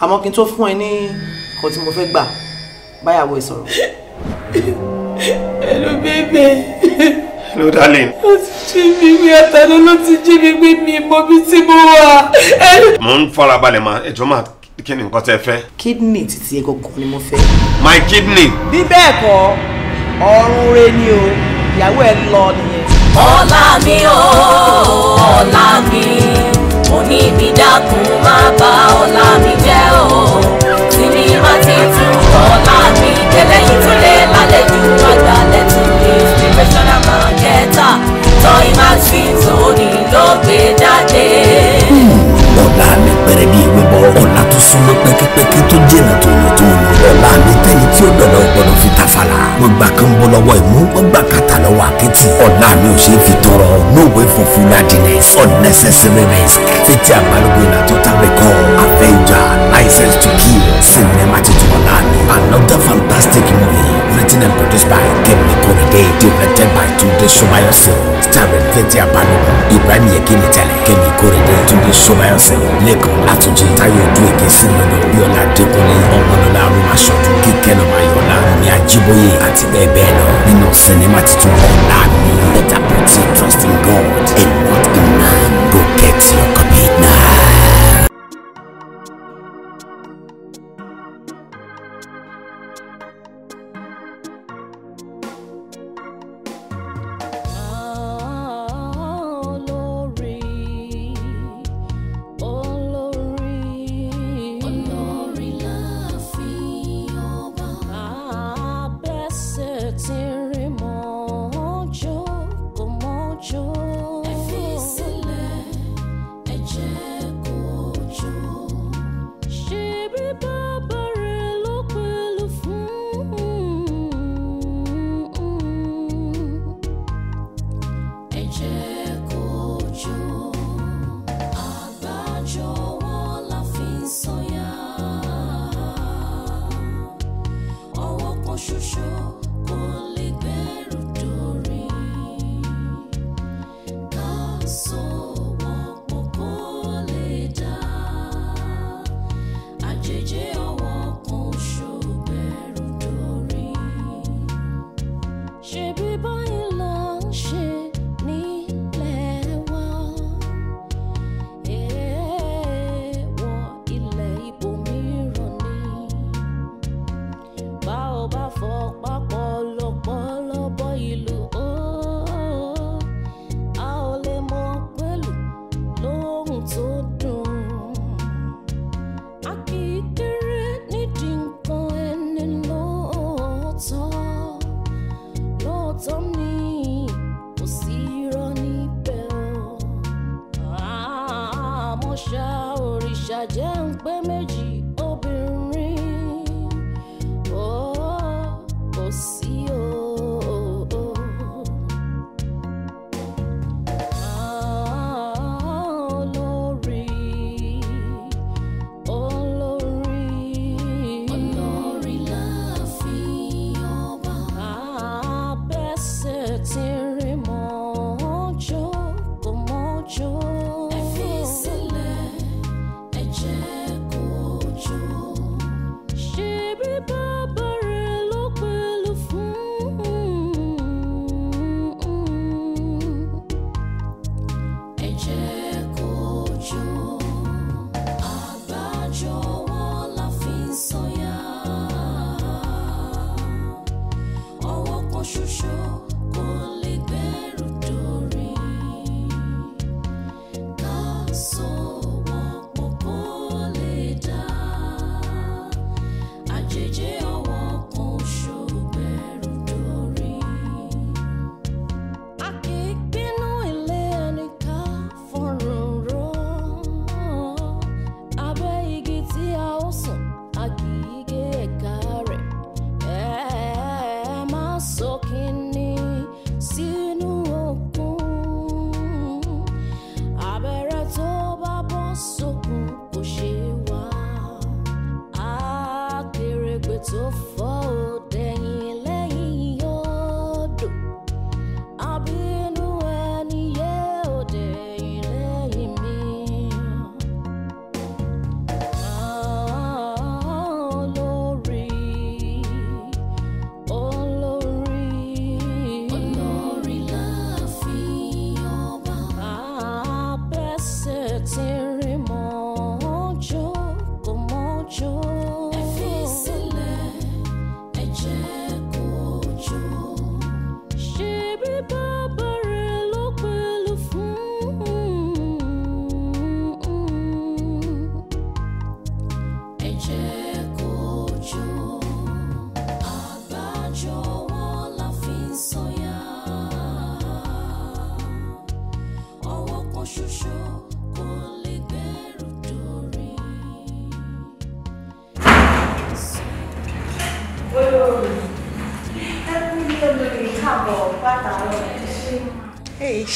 àmọ́ kí n tó fún ẹ ní nǹkan tí mo fẹ́ gbà báyàwó ẹ hello baby. hello darling. ó ti jí mi mi àtàlọ́ ló ti jí mi gbé mi mọ bí tí mo wà. mo ń farabalẹ̀ ma ẹ̀jọ̀ máa kí ni nǹkan tẹ́ fẹ́. kidney títí ẹ ni mo fẹ́. my kidney. bí bẹ́ẹ̀ kọ́ ọ̀run re ni o ìyàwó ẹ lọ nìyẹn. ọlá mi o ọlá mi òní mi dákun má bà ọ̀la mi jẹ́ o tí mi má ti tún ọ̀la mi kẹlẹ́yìn tún lè lálejò àgbà lẹ́tùn ní professional marketer tọ́yìn máa ti tún ló gbé jáde. Hmm, ọ̀la mi pẹ̀rẹ̀ bí ìwé ọ̀la tó súnmọ́ pẹ́kípẹ́kí tó jìnà tòlótòló ọ̀la mi tẹ́ni tí ó dọ̀dọ̀ gbọ́dọ̀ fi tafàlà mo gbà kan bọ́ lọ́wọ́ ìmú mo gbà lọ́wọ́ àkẹ́tì ọ̀la mi ò ṣe é fi tọrọ no way for fuladiness unnecessary risk fetí àgbàlógún ìlà tó tàbí kọ́ avenger license to kill Cinema titun ọ̀la mi another fantastic movie written and produced by Kemi Korede directed by Tunde Somayose starring fetí àgbàlógún Ibrahim Yekini Tẹ̀lẹ̀ Kemi Korede Tunde Somayose lẹ́kọ̀ọ́ látúnjì t sáyẹ̀dú èké sí lọ́dọ̀ bíọ́lá adékúnlé ọmọlọ́lá arúmaṣọ́jú kíkẹ́ lọ́mọ ayọ̀lá omi ajíbóyè àti bẹ́ẹ̀ bẹ́ẹ̀ lọ nínú sinimá titun ọ̀la mi better put your trust in God and not in man go get your copy.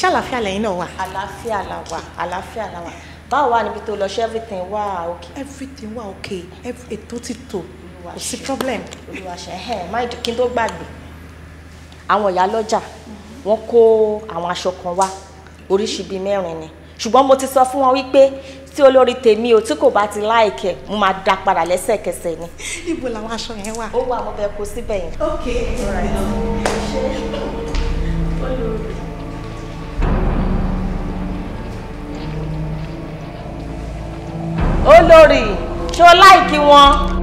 ṣàlàfíà lẹ́yìn náà wà. àlàáfíà la wà àlàáfíà la wà báwo wà níbi tó lọ ṣe everything wà ok. everything wà ok ètò ti tò kò sí problem. olùwàṣẹ ẹ má kí n tó gbàgbé àwọn ìyá lọ́jà mm-hmm. wọ́n kó àwọn aṣọ kan wá oríṣi bíi mẹ́rin ni ṣùgbọ́n mo ti sọ fún wọn wípé tí olórí tèmi ò tí kò bá ti láìkẹ mo máa dá padà lẹ́sẹ̀kẹsẹ̀ ni. ibo làwọn aṣọ yẹn wà. ó wà mo bẹ kó síbẹ̀ yẹn. ok. All right. olórí ṣó láìkí wọn.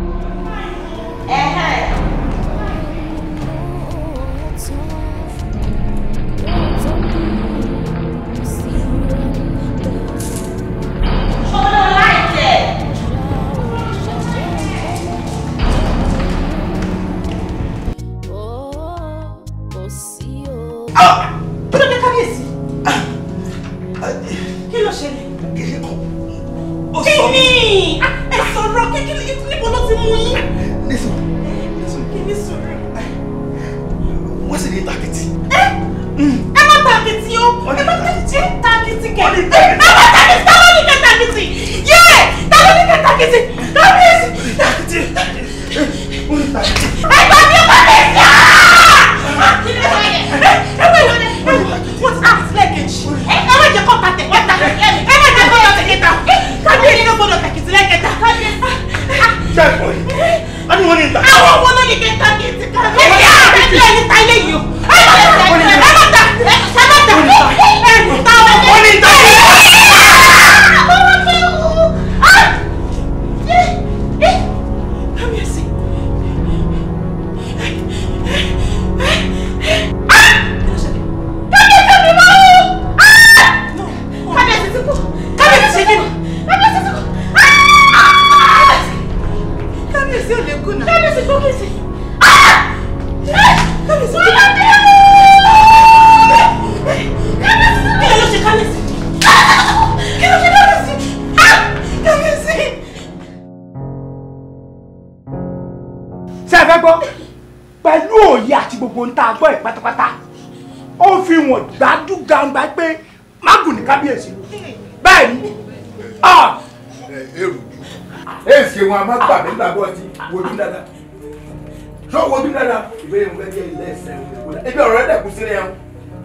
sọ wo bí dáadáa ìbéèrè mo fẹ́ jẹ́ ilé ẹ̀sẹ̀ ìwé ebi ọ̀rọ̀ ẹ̀dẹ̀ kù sílẹ̀ ẹ̀hún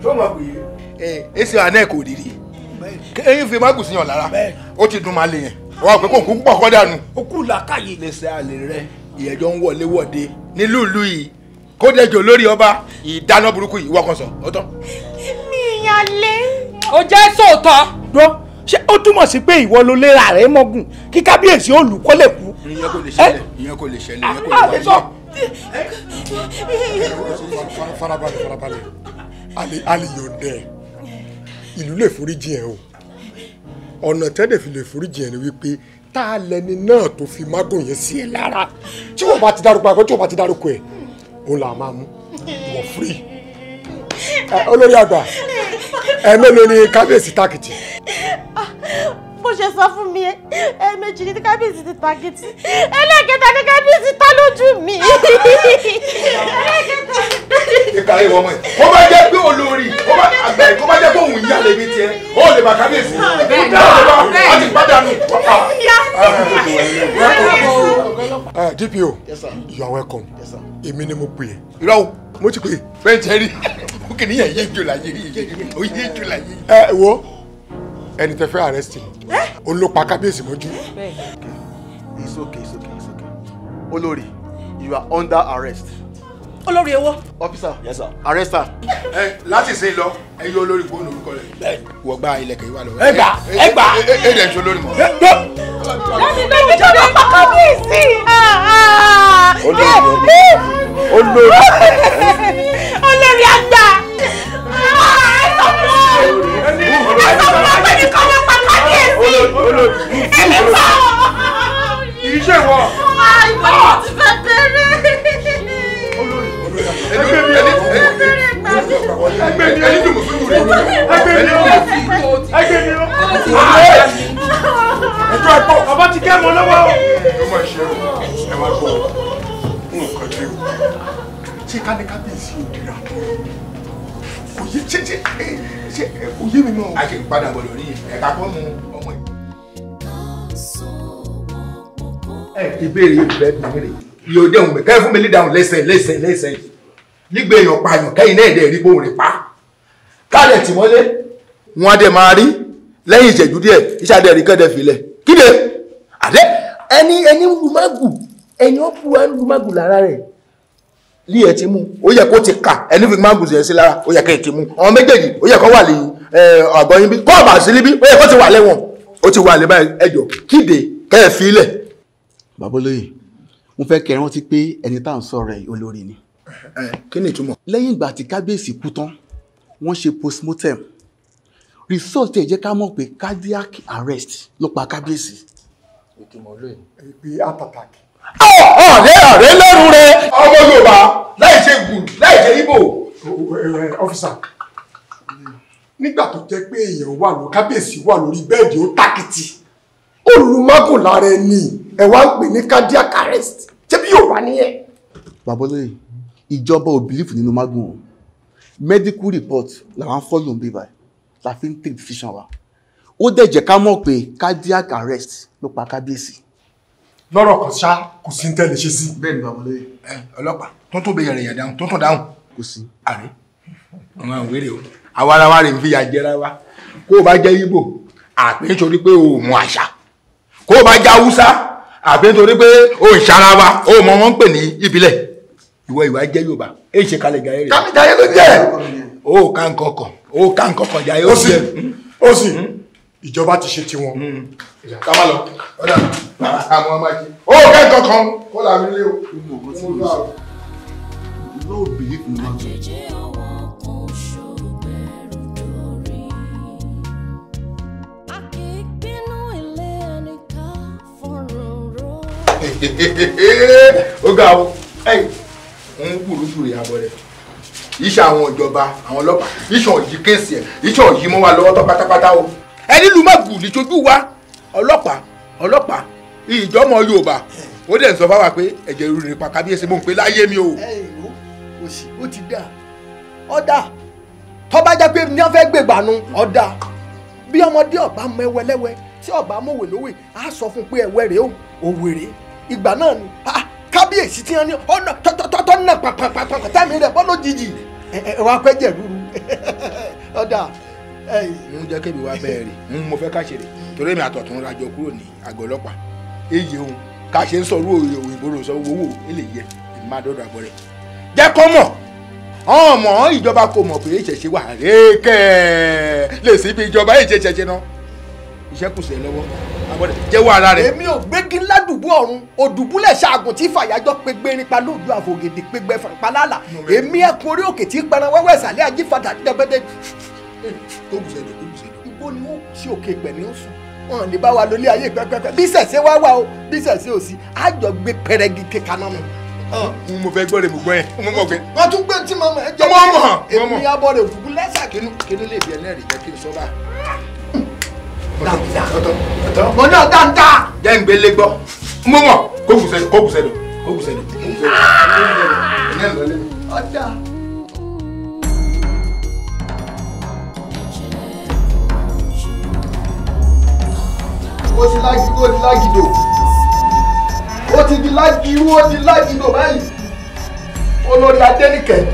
sọ ma pè é. ẹ èsì àná ẹ̀ kò rírì eyín fi mágùn sí yàn lára ó ti dùn máa lè yẹn wọn pé kò ń pọ̀ kọ́ dànù. ó kù làákàyè. lẹsẹ̀ àlè rẹ ìyẹ̀jọ́ ń wọlé wọ̀de nílùú yìí kó dẹjọ́ lórí ọba ìdáná burúkú yìí wọ́n kan sọ ó tán. mi ìyá lé. ó jẹ́ sóòótọ́. gbọ́ ṣé ó túmọ̀ sí pé ìwọ ló léra rẹ̀ mọ́gùn kí kábíyèsí olùkọ́ ìyẹn kò lè ṣẹlẹ̀ ìyẹn kò lè ṣẹlẹ̀ ìyẹn kò lè ṣẹlẹ̀. Ah, farabalẹ̀ farabalẹ̀ alẹ́ yọ̀ǹdẹ̀ ìlú lè foríjì ẹ̀ o ọ̀nà tẹ́lẹ̀ fi lè foríjì ẹ̀ ni wípé tá a lẹni náà tó fi mágùn yẹn sí ẹ lára tí wọn bá ti dárúkọ àgbẹ̀ tí wọn bá ti dárúkọ ẹ̀ òun là máa mú wọ̀ free olórí àgbà ẹ̀ mélòó ni kábíyèsí tákìtì bó ṣe sọ fún mi ẹ̀ẹ̀mejì ní kábíyèsí ti tàgétì ẹlẹ́ẹ̀kẹta ní kábíyèsí tá lójú mi. ìkàlẹ̀ ìwọ ọmọ yìí wọ́n máa jẹ́ pé olórí àgbà ẹ̀kọ́ máa jẹ́ pé òun yà lèmi tiẹ̀ ó lè bá kábíyèsí kúndà ọ̀rọ̀ bá wọ́n ti pàdánù. Eh, DPO you are welcome èmi ni mo pè é irọ́ mo ti pè é fẹ́ẹ́ jẹ́rìí ó kì í níyà yé jù láyé yé jù ẹ wo ẹni tẹ fẹ́ arrest òun ló pa kábíyèsí mọ́jú. it's okay it's okay it's okay olórí you are under arrest. olórí èwo. officer yes sir arrest her. ẹ láti ṣe lọ ẹ yọ olórí fóònù orúkọ rẹ. wọ́n gba ilẹ̀kẹ̀ yìí wà lọ́wọ́. ẹ gbà ẹ gbà. ẹ ẹ dẹ̀ ṣe olórí mọ́. láti gbé mi jọba pa kábíyèsí. olórí olórí olórí àgbà ẹ̀sọ́ fún wa pé nìkan ló pa kábíyèsí èmi kọ́. iṣẹ́ wọ òye ṣe ṣe ṣe òye mi mọ. a ṣe ń padà bọ̀dọ̀ ní ẹ̀ka kan mu ọmọ ẹ̀. ẹ ìbéèrè ìbẹ́ mi rè yóò dé òun kẹ́ fún mi lídàáhùn lẹ́sẹ̀ lẹ́sẹ̀ lẹ́sẹ̀ yìí nígbà èèyàn pààyàn kẹ́yìn náà ẹ̀dẹ̀ rí bóun rè pa kálẹ̀ tì wọ́n lé wọn á dẹ̀ máa rí lẹ́yìn ìṣẹ́jú díẹ̀ iṣẹ́ adé rí kẹ́dẹ̀ filẹ̀ kíde àdé ẹni ẹni lumagu ẹni ó bu ẹni lumagu lára rẹ̀ lí ẹ ti mú ó yẹ kó ti kà ẹni fi máa ń gùn sí lára ó yẹ kó ti mú àwọn méjèèjì ó yẹ kó wà lè ọgbọ yín bí kọọbà sí níbí ó yẹ kó ti wà lẹ́wọ̀n ó ti wà lè báyìí ẹjọ́ kíde kẹẹ fi ilẹ̀. babolóye mo fẹ́ kẹ́ ẹ rántí pé ẹni tá à ń sọ̀rọ̀ ẹ̀ olórí ni. kí ni ìtumọ̀. lẹ́yìn ìgbà tí kábíyèsí kú tán wọ́n ṣe postmortem result ẹ̀ jẹ́ ká mọ̀ pé cardiac arrest ló pa kábíyèsí. ìtumọ̀ olóyè. ìpè heart ọ̀rẹ́ ọ̀rẹ́ lẹ́rù rẹ ọmọ Yorùbá láì ṣe gùn láì ṣe Ìgbò. ọ́físà nígbà tó jẹ́ pé èèyàn wà lọ kábíyèsí wà lórí bẹ́ẹ̀dì ó tàkìtì olùmọ́gùn lára ẹni ẹ̀ wá ń pè ní cardiac arrest ṣé bí Yorùbá nìyẹn. babolóye ìjọba ò bìlífù nínú magun o medical report làwọn fọ́lùm bíbá la fi ń take decision wa ó dẹ̀ jẹ́ ká mọ̀ pé cardiac arrest ló pa kábíyèsí lọ́rọ̀ kan ṣá kò sí ń tẹ́lẹ̀ ṣe sí. bẹ́ẹ̀ ni bàbá lóye. ẹ ọlọ́pàá tó tó bẹ yẹrẹ yẹn dáhùn tó dáhùn. kò sí. àrẹ ọmọ àwọn wéré o àwa ara wa rè ń wa kó o bá jẹ́ Ìgbò àpé nítorí pé o ò mọ àṣà kó o bá jẹ́ Haúsá àpé nítorí pé o ò ṣara wa o ò mọ wọn ń pè ní ìbílẹ̀ ìwọ ìwà jẹ́ Yorùbá èyí ṣe kalẹ̀ jayé rẹ̀. kálí jayé ló jẹ́. o ò ká nǹkan kan o ò ká nǹkan kan jayé ó jẹ́. ó sì ó hmm? sì ìjọba ti ṣe tiwọn hmm. ká má lọ ọ̀dà àwọn ọmọ ajé ó kẹ́kọ̀ọ́ kan kó làmì lé o. lóò bìí kùn náà. ó ga o ń gbùrúgbùrú ìyàbọ̀ rẹ̀ iṣẹ́ àwọn ìjọba àwọn ọlọ́pàá iṣẹ́ òyì kéèsì ẹ̀ iṣẹ́ òyì mọ́ wa lọ́wọ́ tán pátápátá o ẹni lu má gùn lìtọ́jú wa ọlọ́pàá ọlọ́pàá ìjọmọ Yorùbá ó dẹ̀ ń sọ fáwa pé ẹ̀jẹ̀ ríru nípa kábíyèsí mò ń pe láyé mi o. òsì ó ti dà ọ̀dà tọ́ba jẹ́ pé ní wọ́n fẹ́ gbègbà nu ọ̀dà bí ọmọdé ọ̀bá mọ ẹwẹ́lẹ́wẹ́ tí ọ̀bá mọ̀wé lówè á sọ fún pé ẹwẹ́ rèé òwèrè ìgbà náà ni kábíyèsí tí wọ́n ní ọ̀nà tọ́tọ́tọ́ náà pàpàpàpà tẹ́mi rẹ̀ bọ́ lójijì ẹ̀wọ̀n apẹ́jẹ̀ rúru ọ̀dà ń jẹ́ kébi wá bẹ́ẹ̀ rè mo fẹ́ ká ṣe rè torí èmi àtọ̀tún rajọ kúrò ní àgọ́ ọlọ́pàá èyí òun ká ṣe ń sọ̀rọ̀ òye òyìnbó rò sọ owó èlé yẹ èmi máa jẹ́ kó mọ̀ ọmọ ìjọba kò mọ̀ pé ìṣẹ̀ṣe wà rékẹ́ lè sí ibi ìjọba ìṣẹ̀ṣẹ̀ṣẹ̀ náà iṣẹ́ kù sí ẹ lọ́wọ́ abọ́dẹ̀ jẹ́wọ́ ara rẹ̀. èmi ò gbégi ládùúgbò ọ̀run òdùbúlẹ̀ ṣaagùn tí fàyàjọ pégbé nípa lóòjú àfògèdè pégbé falálà èmi ẹkùn orí òkè tí pẹran wẹ́wẹ́ ìsàlẹ̀ ajífadà dẹ́gbẹ́dẹ́ tó bù sẹ́dọ̀ tó bù sẹ́dọ̀. igbó ni ó ṣe òkè pẹ̀ ní sùn wọn lè bá wa lólé ayé pẹ́pẹ́pẹ́ bí sẹ̀sẹ̀ wá wá o bí sẹ̀sẹ̀ ò sí á jọ gbé pẹrẹgì kékaná mu. Ah, mo fẹ́ gbọ́ rẹ̀ mo gbọ́ yẹn mo mọ̀ pé. wọ́n tún gbé tí màmá ẹ jẹ́ kí èmi abọ́ rẹ̀ òdùkú lẹ́sà kínú kínú lè bí ẹlẹ́rìí jẹ́ kí n sọ bá. dáadáa mo náà dáadáa. jẹ́ ń gbélé gbọ́ mo mọ̀ kó kùsẹ̀ kó kùsẹ̀ lọ kó kùsẹ̀ lọ. ọ̀dà. ó ti lágídó di lágídó ó ti di lágirú ó di lágídó báyìí olórí adẹ́nìkẹ́.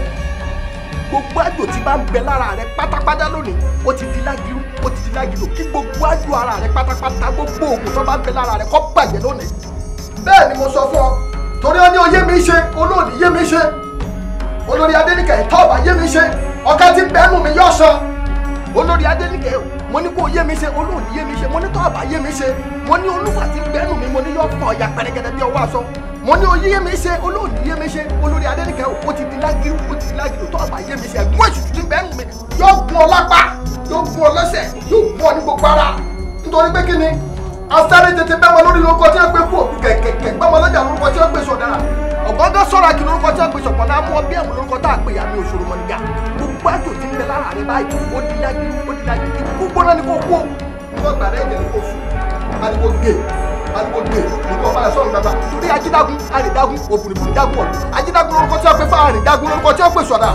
gbogbo àjò tí bá ń bẹ lára rẹ pátápátá lónìí ó ti di lágirú ó ti di lágídó kí gbogbo àjò ara rẹ pátápátá gbogbo oògùn tó bá ń bẹ lára rẹ kó bàjẹ́ lónìí. bẹ́ẹ̀ ni mo sọ fún ọ torí ó ní oyé mi ṣe olóòdì yé mi ṣe olórí adẹ́nìkẹ́ tó yé mi ṣe ọ̀kẹ́ ti bẹ́ẹ̀ mú mi yọ̀ sọ olórí adélíkẹ́ o mo ní kó yé mi ṣe olóòní yé mi ṣe mo ní tó àbá yé mi ṣe mo ní olúfà tí gbẹ́nu mi mo ní yọ fọ ọ̀yà pẹ̀rẹ̀gẹ̀dẹ̀ bí ọwọ́ aṣọ mo ní oyé yé mi ṣe olóòní yé mi ṣe olórí adélíkẹ́ o ó ti di lágiri ó ti di lágiri tó àbá yé mi ṣe ẹ̀gbọ́n ètùtù tí gbẹ́nu mi yóò gun ọ lápá yóò gun ọ lẹ́sẹ̀ yóò gun ọ ní gbogbo ara nítorí pé kí ni asáré tètè bẹ́mọ lórí lórúkọ tí wọ́n gbé kú òbí kẹ̀kẹ̀kẹ̀ gbẹ́mọ lọ́jà lórúkọ tí wọ́n gbé sọ̀dá ọ̀gọ́ngọ́ sọ̀rọ̀ àkì lórúkọ tí wọ́n gbé sọ̀pọ̀ náà mú gbogbo àjò tí ń bẹ lára rẹ báyìí ó di dájú ó di dájú kí gbogbo náà ni kò kú o. wọ́n gbà rẹ̀ jẹ́ kó fún ariwo gbé ariwo gbé nǹkan ọba ẹ̀sọ́ ìgbàgbà torí ajídágún àrídágún òfurufú dágún ọ̀dọ́ ajídágún lórúkọ tí wọ́n pè fún àrídágún lórúkọ tí wọ́n pè sọ̀dà.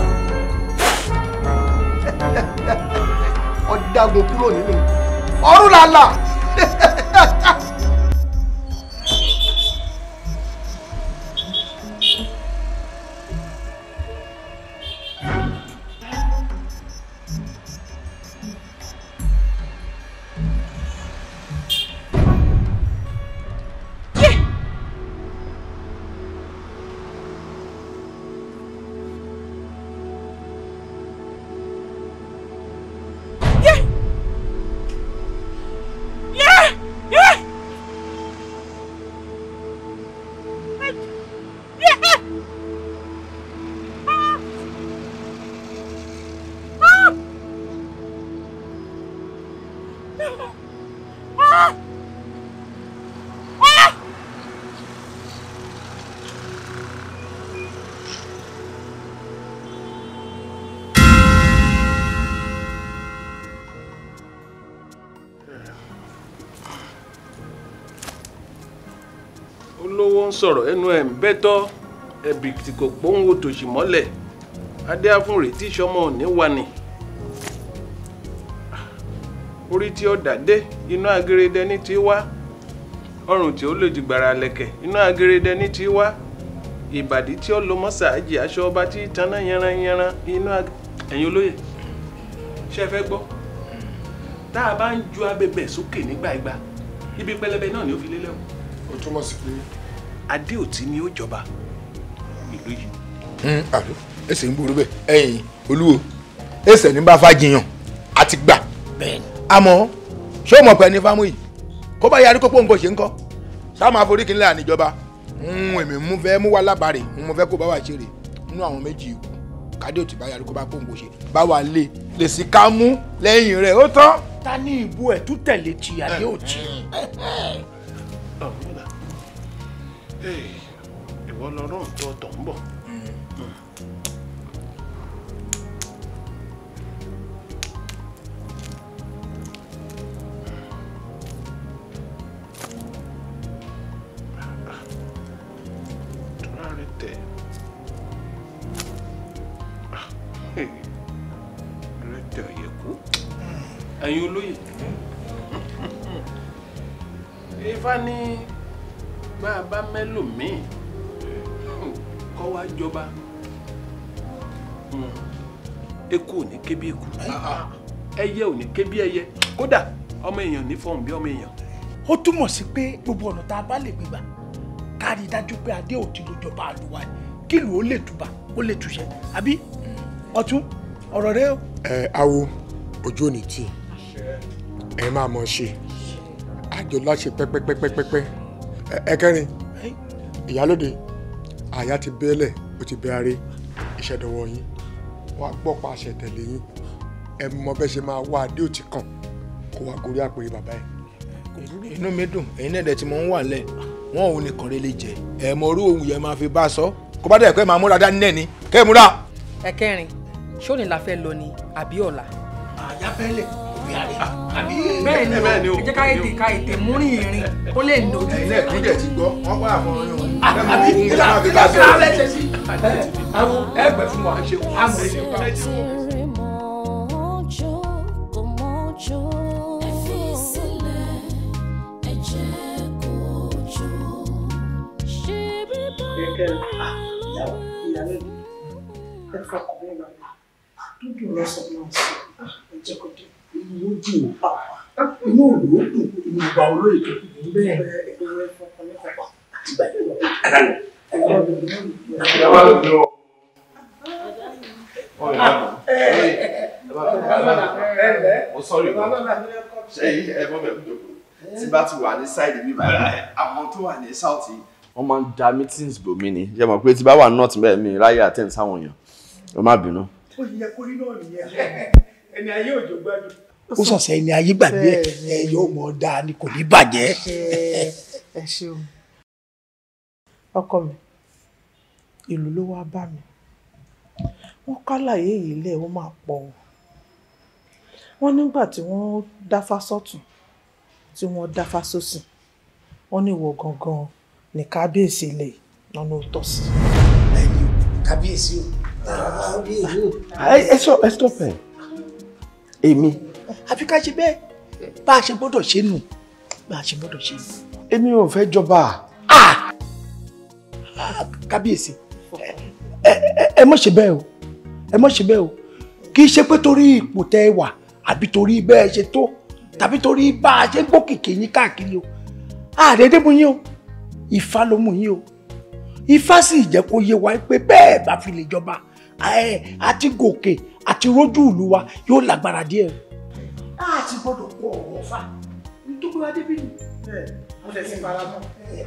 ọ̀dàgùn kúrò nínú ọ̀rùn làlà. ń sọ̀rọ̀ ẹnu ẹ̀ ń bẹ́tọ́ ẹ̀bì tí kò pòun wo tòṣì mọ́lẹ̀ adéáfún rèé tí sọmọ òní wà ní. orí tí ó dàdé inú agérèdé ní ti wá ọrùn tí ó lòdì gbàrà lẹ̀kẹ̀ inú agérèdé ní ti wá ìbàdí tí ó lo mọ́sàájì aṣọ ọba tí tanná yanranyanran inú ẹ̀yìn olóyè ṣe fẹ́ gbọ́ tá a bá ń ju abẹ̀bẹ̀ sókè nígbà ìgbà ibi pẹlẹbẹ náà ni ó fi lélẹ̀ o. túmọ̀ sí pé adéòtí ni ó jọba ìlú yìí. àlọ́ ẹsẹ̀ ń burú bẹ́ẹ̀ ẹ̀yin olúwo ẹsẹ̀ ní bá fàjìyàn àti gbà àmọ́ ṣé o mọ̀ pé ẹni fámú yìí kó bá yarí kópó nǹkan ṣe ń kọ́ ṣá máa forí kí n lẹ́yìn àníjọba hmm, èmi mú fẹ́ mú wá lábàárẹ̀ mo fẹ́ kó bá wà ṣe rè nínú àwọn méjì ikú kádéòtì bá yarí kó bá pòǹgò ṣe bá wà lé lè sì ká mú lẹ́yìn rẹ̀ ó tán. ta ni ìbú ẹ̀ tún tẹ̀lé ti àdéòtì. ìwọ lọ rán nǹkan ọ̀tọ̀ ń bọ̀. bá mẹ́lòmíì kọ́ wá jọba hmm. eku ò ní ké bí eku ẹyẹ ò ní ké bí ẹyẹ kódà ọmọ èèyàn ní fọhùn bí ọmọ èèyàn. ó túmọ̀ sí pé gbogbo ọ̀nà tá a bá lè gbégbà ká rí i dájú pé adé ò ti lo ìjọba àlùwà kílù ó lè tùbà ó lè túṣẹ àbí ọtún ọ̀rọ̀ rẹ ẹ awo ojú ò ní ẹ máa mọ̀ ṣe àjọ láṣẹ pẹ́pẹ́pẹ́pẹ́pẹ́ ẹ kẹrin ìyálóde àyà ti bẹ́lẹ̀ ó ti bẹ́ aré ìṣẹ̀dọ̀wọ̀ yín wọ́n á gbọ́ pa àṣẹ tẹ̀lé yín ẹ mọ bẹ́ẹ̀ ṣe máa wá adé òtí kan kó wá gorí àpèrè bàbá ẹ̀. inú mi dùn ẹ̀yin náà dẹ̀ tí mo ń wà lẹ̀ wọ́n òun nìkan lè jẹ ẹ̀ mọ orú òun yẹn máa fi bá a sọ kó bá dẹ̀ pé máa múra dání náà ni múra. ẹ̀kẹrin ṣó ni la fẹ́ lọ ni àbí ọ̀la. àyà bẹ́lẹ̀ gbé àrè. bẹ́ẹ̀ ni o jẹ́ ká ètè ká ètè múrin ìrìn ó lè ń dojú. ẹ̀yin náà kúndẹ̀ ti gbọ́ wọ́n wà fún ọyàn òun. àbí ilé àbí ilé àbí alẹ́ ṣe sí. àwọn ẹgbẹ́ fún wa àmì ṣe wá. Ìyàwó ìyàwó ẹ fọkàn ah, ẹ lọ. Dúdú lọ sọ náà sí ẹ̀jẹ̀ kò dé lójú ò pàpà inú òdò ó dùn inú ìgbà olóyè tó kù ní bẹ́ẹ̀ tí bá ti wà ní sáìdì bí bàbá àwọn wọ́n máa ń da meetings bò mí ni yẹ mọ̀ pé tí bá wà north bẹ́ẹ̀ mi ráyè attend èèyàn ẹ má bínú. ó yẹ kó náà nìyẹn ẹni ayé òjò gbádùn ó sọ̀sẹ̀ ni ayé gbàgbé ẹ yóò mọ̀ dáa ni kò ní bàjẹ́. ẹ ṣeun ọkọ mi ìlú ló wá bá mi wọ́n kálàyé yìí lẹ̀ ó máa pọ̀ o wọ́n nígbà tí wọ́n dáfá sọ́tún tí wọ́n dáfá sósì wọ́n ní ìwọ gangan ní kábíyèsí ilẹ̀ lọ́nà òótọ́ sí. kábíyèsí o kábíyèsí o. ẹ stop ẹ èmi àfi ká ṣe bẹ́ẹ̀ bá a ṣe gbọ́dọ̀ ṣe nù bá a ṣe gbọ́dọ̀ ṣe nù. èmi ò fẹ́ jọba. kábíyèsí ẹ mọ̀ ṣe bẹ́ẹ̀ o ẹ mọ̀ ṣe bẹ́ẹ̀ o kì í ṣe pé torí ipò tẹ́ ẹ wà àbí torí bẹ́ẹ̀ ṣe tó tàbí torí bá a ṣe gbókìkì yín káàkiri o àdédé mú yín o Ifá ló mú yín o Ifá sì jẹ́ kó yé wa pé bẹ́ẹ̀ bá fi lè jọba àti gòkè àti rójú ìlú wa yóò lágbára díẹ̀ a ti gbọ́dọ̀ kọ ọ̀rọ̀ fa nítorí wá débi ni mo tẹ̀ sí fara mọ́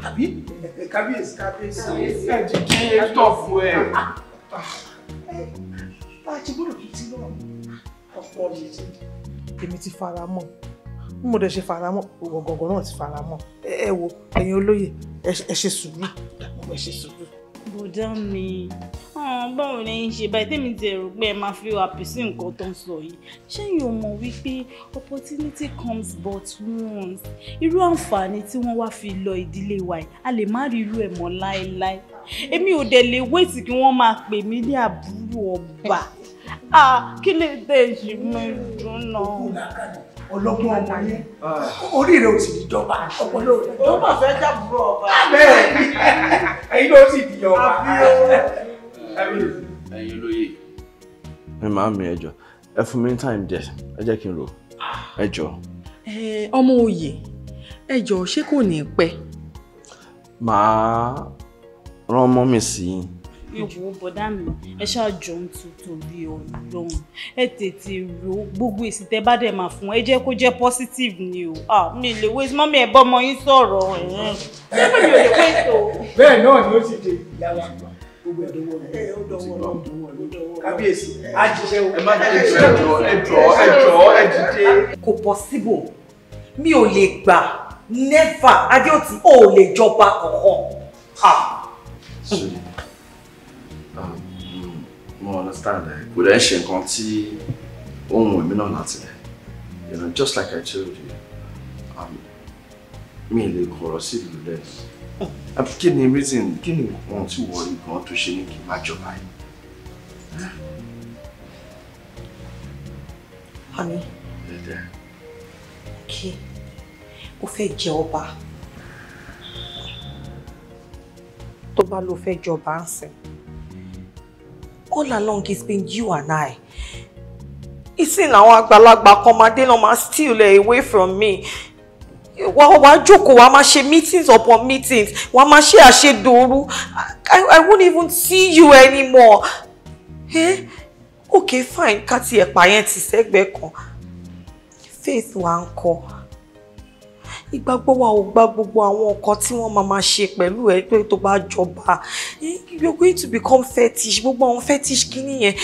àbí kábíyèsí kábíyèsí ẹ̀ jíjẹ́ tọ̀ fún ẹ̀ a ti gbọ́dọ̀ tó ti lọ́wọ́ ọ̀pọ̀ mi ti. èmi ti fara mọ́ bí mo dẹ̀ ṣe fara mọ́ ọ̀gọ̀ngọ̀ náà ti fara mọ́ ẹ wo ẹ̀yin olóyè ẹ ṣe sùúrù ẹ ṣe sùúrù. Ah, bùdá mi báwo ni ń ṣe báyìí tèmi ti rò pé ẹ máa fi àpè sí nǹkan tó ń sọ yìí ṣé yóò mọ̀ wípé opportunity comes but once irú àǹfààní tí wọ́n wá fi lọ ìdílé wa yìí a lè má rí irú ẹ̀ mọ́ láéláé èmi ò dẹ̀ lè wéètì kí wọ́n máa pè mí ní àbúrò ọba kí lè dé ṣe mí dùn náà ọlọ́gbọ́n ọmọ yẹn orí rẹ̀ ò sì ní jọba ọpọlọ ó mà fẹ́ jábùrọ̀ ọba. bẹ́ẹ̀ ló sì di ọba ẹ̀yin olóye. ẹ máa mi ẹjọ ẹ fún mi time díẹ̀ ẹ jẹ́ kí n rò ẹjọ. ọmọ òye ẹjọ ṣé kò ní pẹ́. màá rán ọmọ mi sí i ìwò bọ̀dá mi ẹ ṣáàjọ ń tuntun bí ọlọ́run ẹ tètè ro gbogbo èsì tẹ bá dẹ̀ máa fún ẹ jẹ́ kó jẹ́ positive ni o mi lè wé mọ́mí ẹ bọ́mọ yín sọ̀rọ̀ ẹ̀yìn ṣé mi ò lè pèsè o. bẹ́ẹ̀ náà ni ó ti dé ìyá wa gbogbo ẹ̀ dọwọ́ ẹ ó dọwọ́ ó dọwọ́ kábíyèsí á jíṣẹ́ o. ẹ má jẹ iṣẹ́ ẹjọ kò possible mi ò lè gbà never adéòtí ò lè jọba kankan. Um, mo understand ẹ kò dẹ́ ṣe nǹkan tí ohun èmi náà láti rẹ̀ you know just like I told you Me um, lè kọ̀rọ̀ sí ìlú lẹ́yìn. Ah, kí ni reason kí ni nǹkan tí wọ́n rí gan tó ṣe ní kí n má jọba yìí. Honey. Okay. Ó fẹ́ jẹ ọba. Tó bá ló fẹ́ jọba ń sìn. All along it's been you and I. Ìsìn àwọn àgbàlagbà kan máa dé náà máa steal away from me wàá wàá jókòó wàá máa ṣe meetings upon meetings wàá máa ṣe àṣedòru I, I won't even see you anymore. Eh? Okay fine ká tiẹ̀ pààyàn ti sẹ́gbẹ̀ẹ́ kan faith wa ń kọ́ ìgbàgbọ́ wa ò gba gbogbo àwọn nǹkan tí wọ́n máa máa ṣe pẹ̀lú ẹ pé tó bá jọba eh, you're going to become fetish gbogbo àwọn fetish kìíní yẹn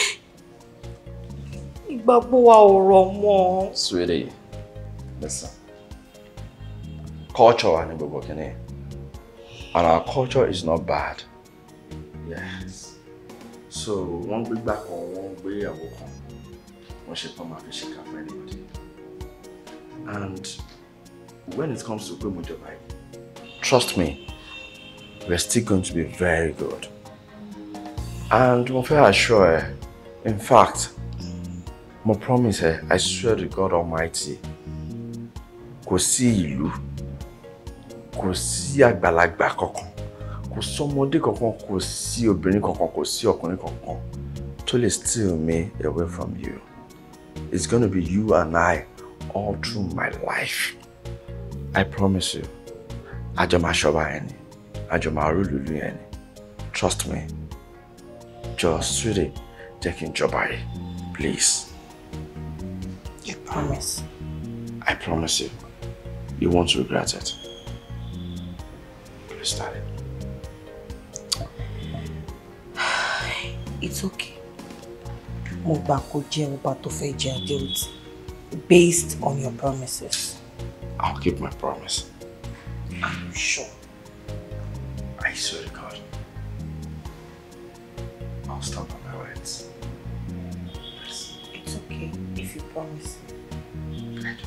ìgbàgbọ́ wa ò rọ̀ mọ́. sweetie listen culture and Ibobokene. And our culture is not bad. Yes. So wọ́n gbé gbà kan, wọ́n gbé come, kan, she ṣe pọ́n máa fi ṣe find anybody. And when it comes to pé mo trust me, we're still going to be very good. And I'm very sure. in fact, mo promise I swear to God Almighty, kò see you. kò sí àgbàlagbà kankan kò sọmọdé kankan kò sí obìnrin kankan kò sí ọkùnrin kankan tó lè steal me away from you it's gonna be you and I all through my life I promise you àjọ máa ṣọba yẹn ni àjọ máa rú lùlù yẹn ni trust me jọ sweetie jẹ́ kí n jọba yìí please. You promise? I promise you, you won't regret it understand it. It's okay. Mo gbà kó jẹ́ ọba to fẹ́ jẹ́ adéòtí based on your promises. I'll keep my promise. Are you sure? I swear to God. I'll stop on my words. It's okay if you promise. I do.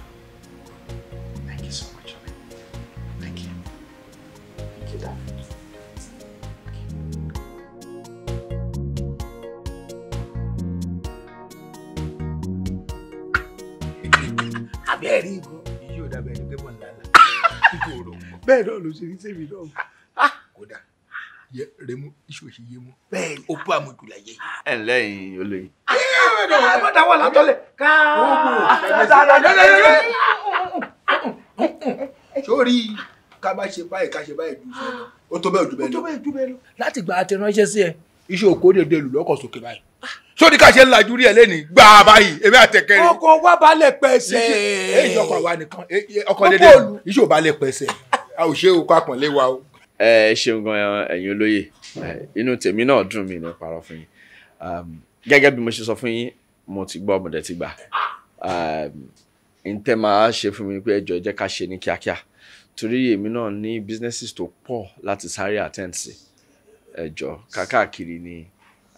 do that. àbí ẹ̀rí ìgò. iye ò dàbẹ̀ ẹni pé mọ̀ ńlá ńlá kíkó o rò mọ́. bẹ́ẹ̀ náà ló ṣe ní sèmi náà. kódà rẹmú ìṣòṣì yé mu. bẹ́ẹ̀ni o bá mu jùlọ yé. ẹ ǹlẹ́ yìí olóyin. àbọ̀dá wà látọ̀lẹ̀ káà. sórí ká má ṣe báyìí ká ṣe báyìí ju iṣẹ́ lọ ó tó bẹ́ẹ̀ ju bẹ́ẹ̀ lọ. ó tó bẹ́ẹ̀ ju bẹ́ẹ̀ lọ láti gbà àti ránṣẹ́ sí ẹ iṣẹ́ òkò dèdè lù lọ́kọ̀ sókè báyìí sódì ah. ká ṣe ń lajú rí ẹ lẹ́ni gbà báyìí èmi àtẹ̀kẹ́ rẹ. ọkọ wa balẹ̀ pẹ̀sẹ̀. ọkọ dédé iṣẹ́ ò balẹ̀ pẹ̀sẹ̀ a ò ṣe òkú àpọ̀nlé wa o. ẹ ṣeun gan ẹ̀yin olóye inú tèmi náà dùn mí ní parọ́ fún yín um, gẹ́gẹ́ bí mo ṣe sọ fún yín mo ti gbọ́ ọmọdé ti gbà um, n tẹ́ máa ṣe fún mi pé ẹjọ́ jẹ́ ká ṣe ní kíákíá torí èmi náà ní businesses tó pọ̀ láti sáré attend sí ẹjọ kákàkiri ni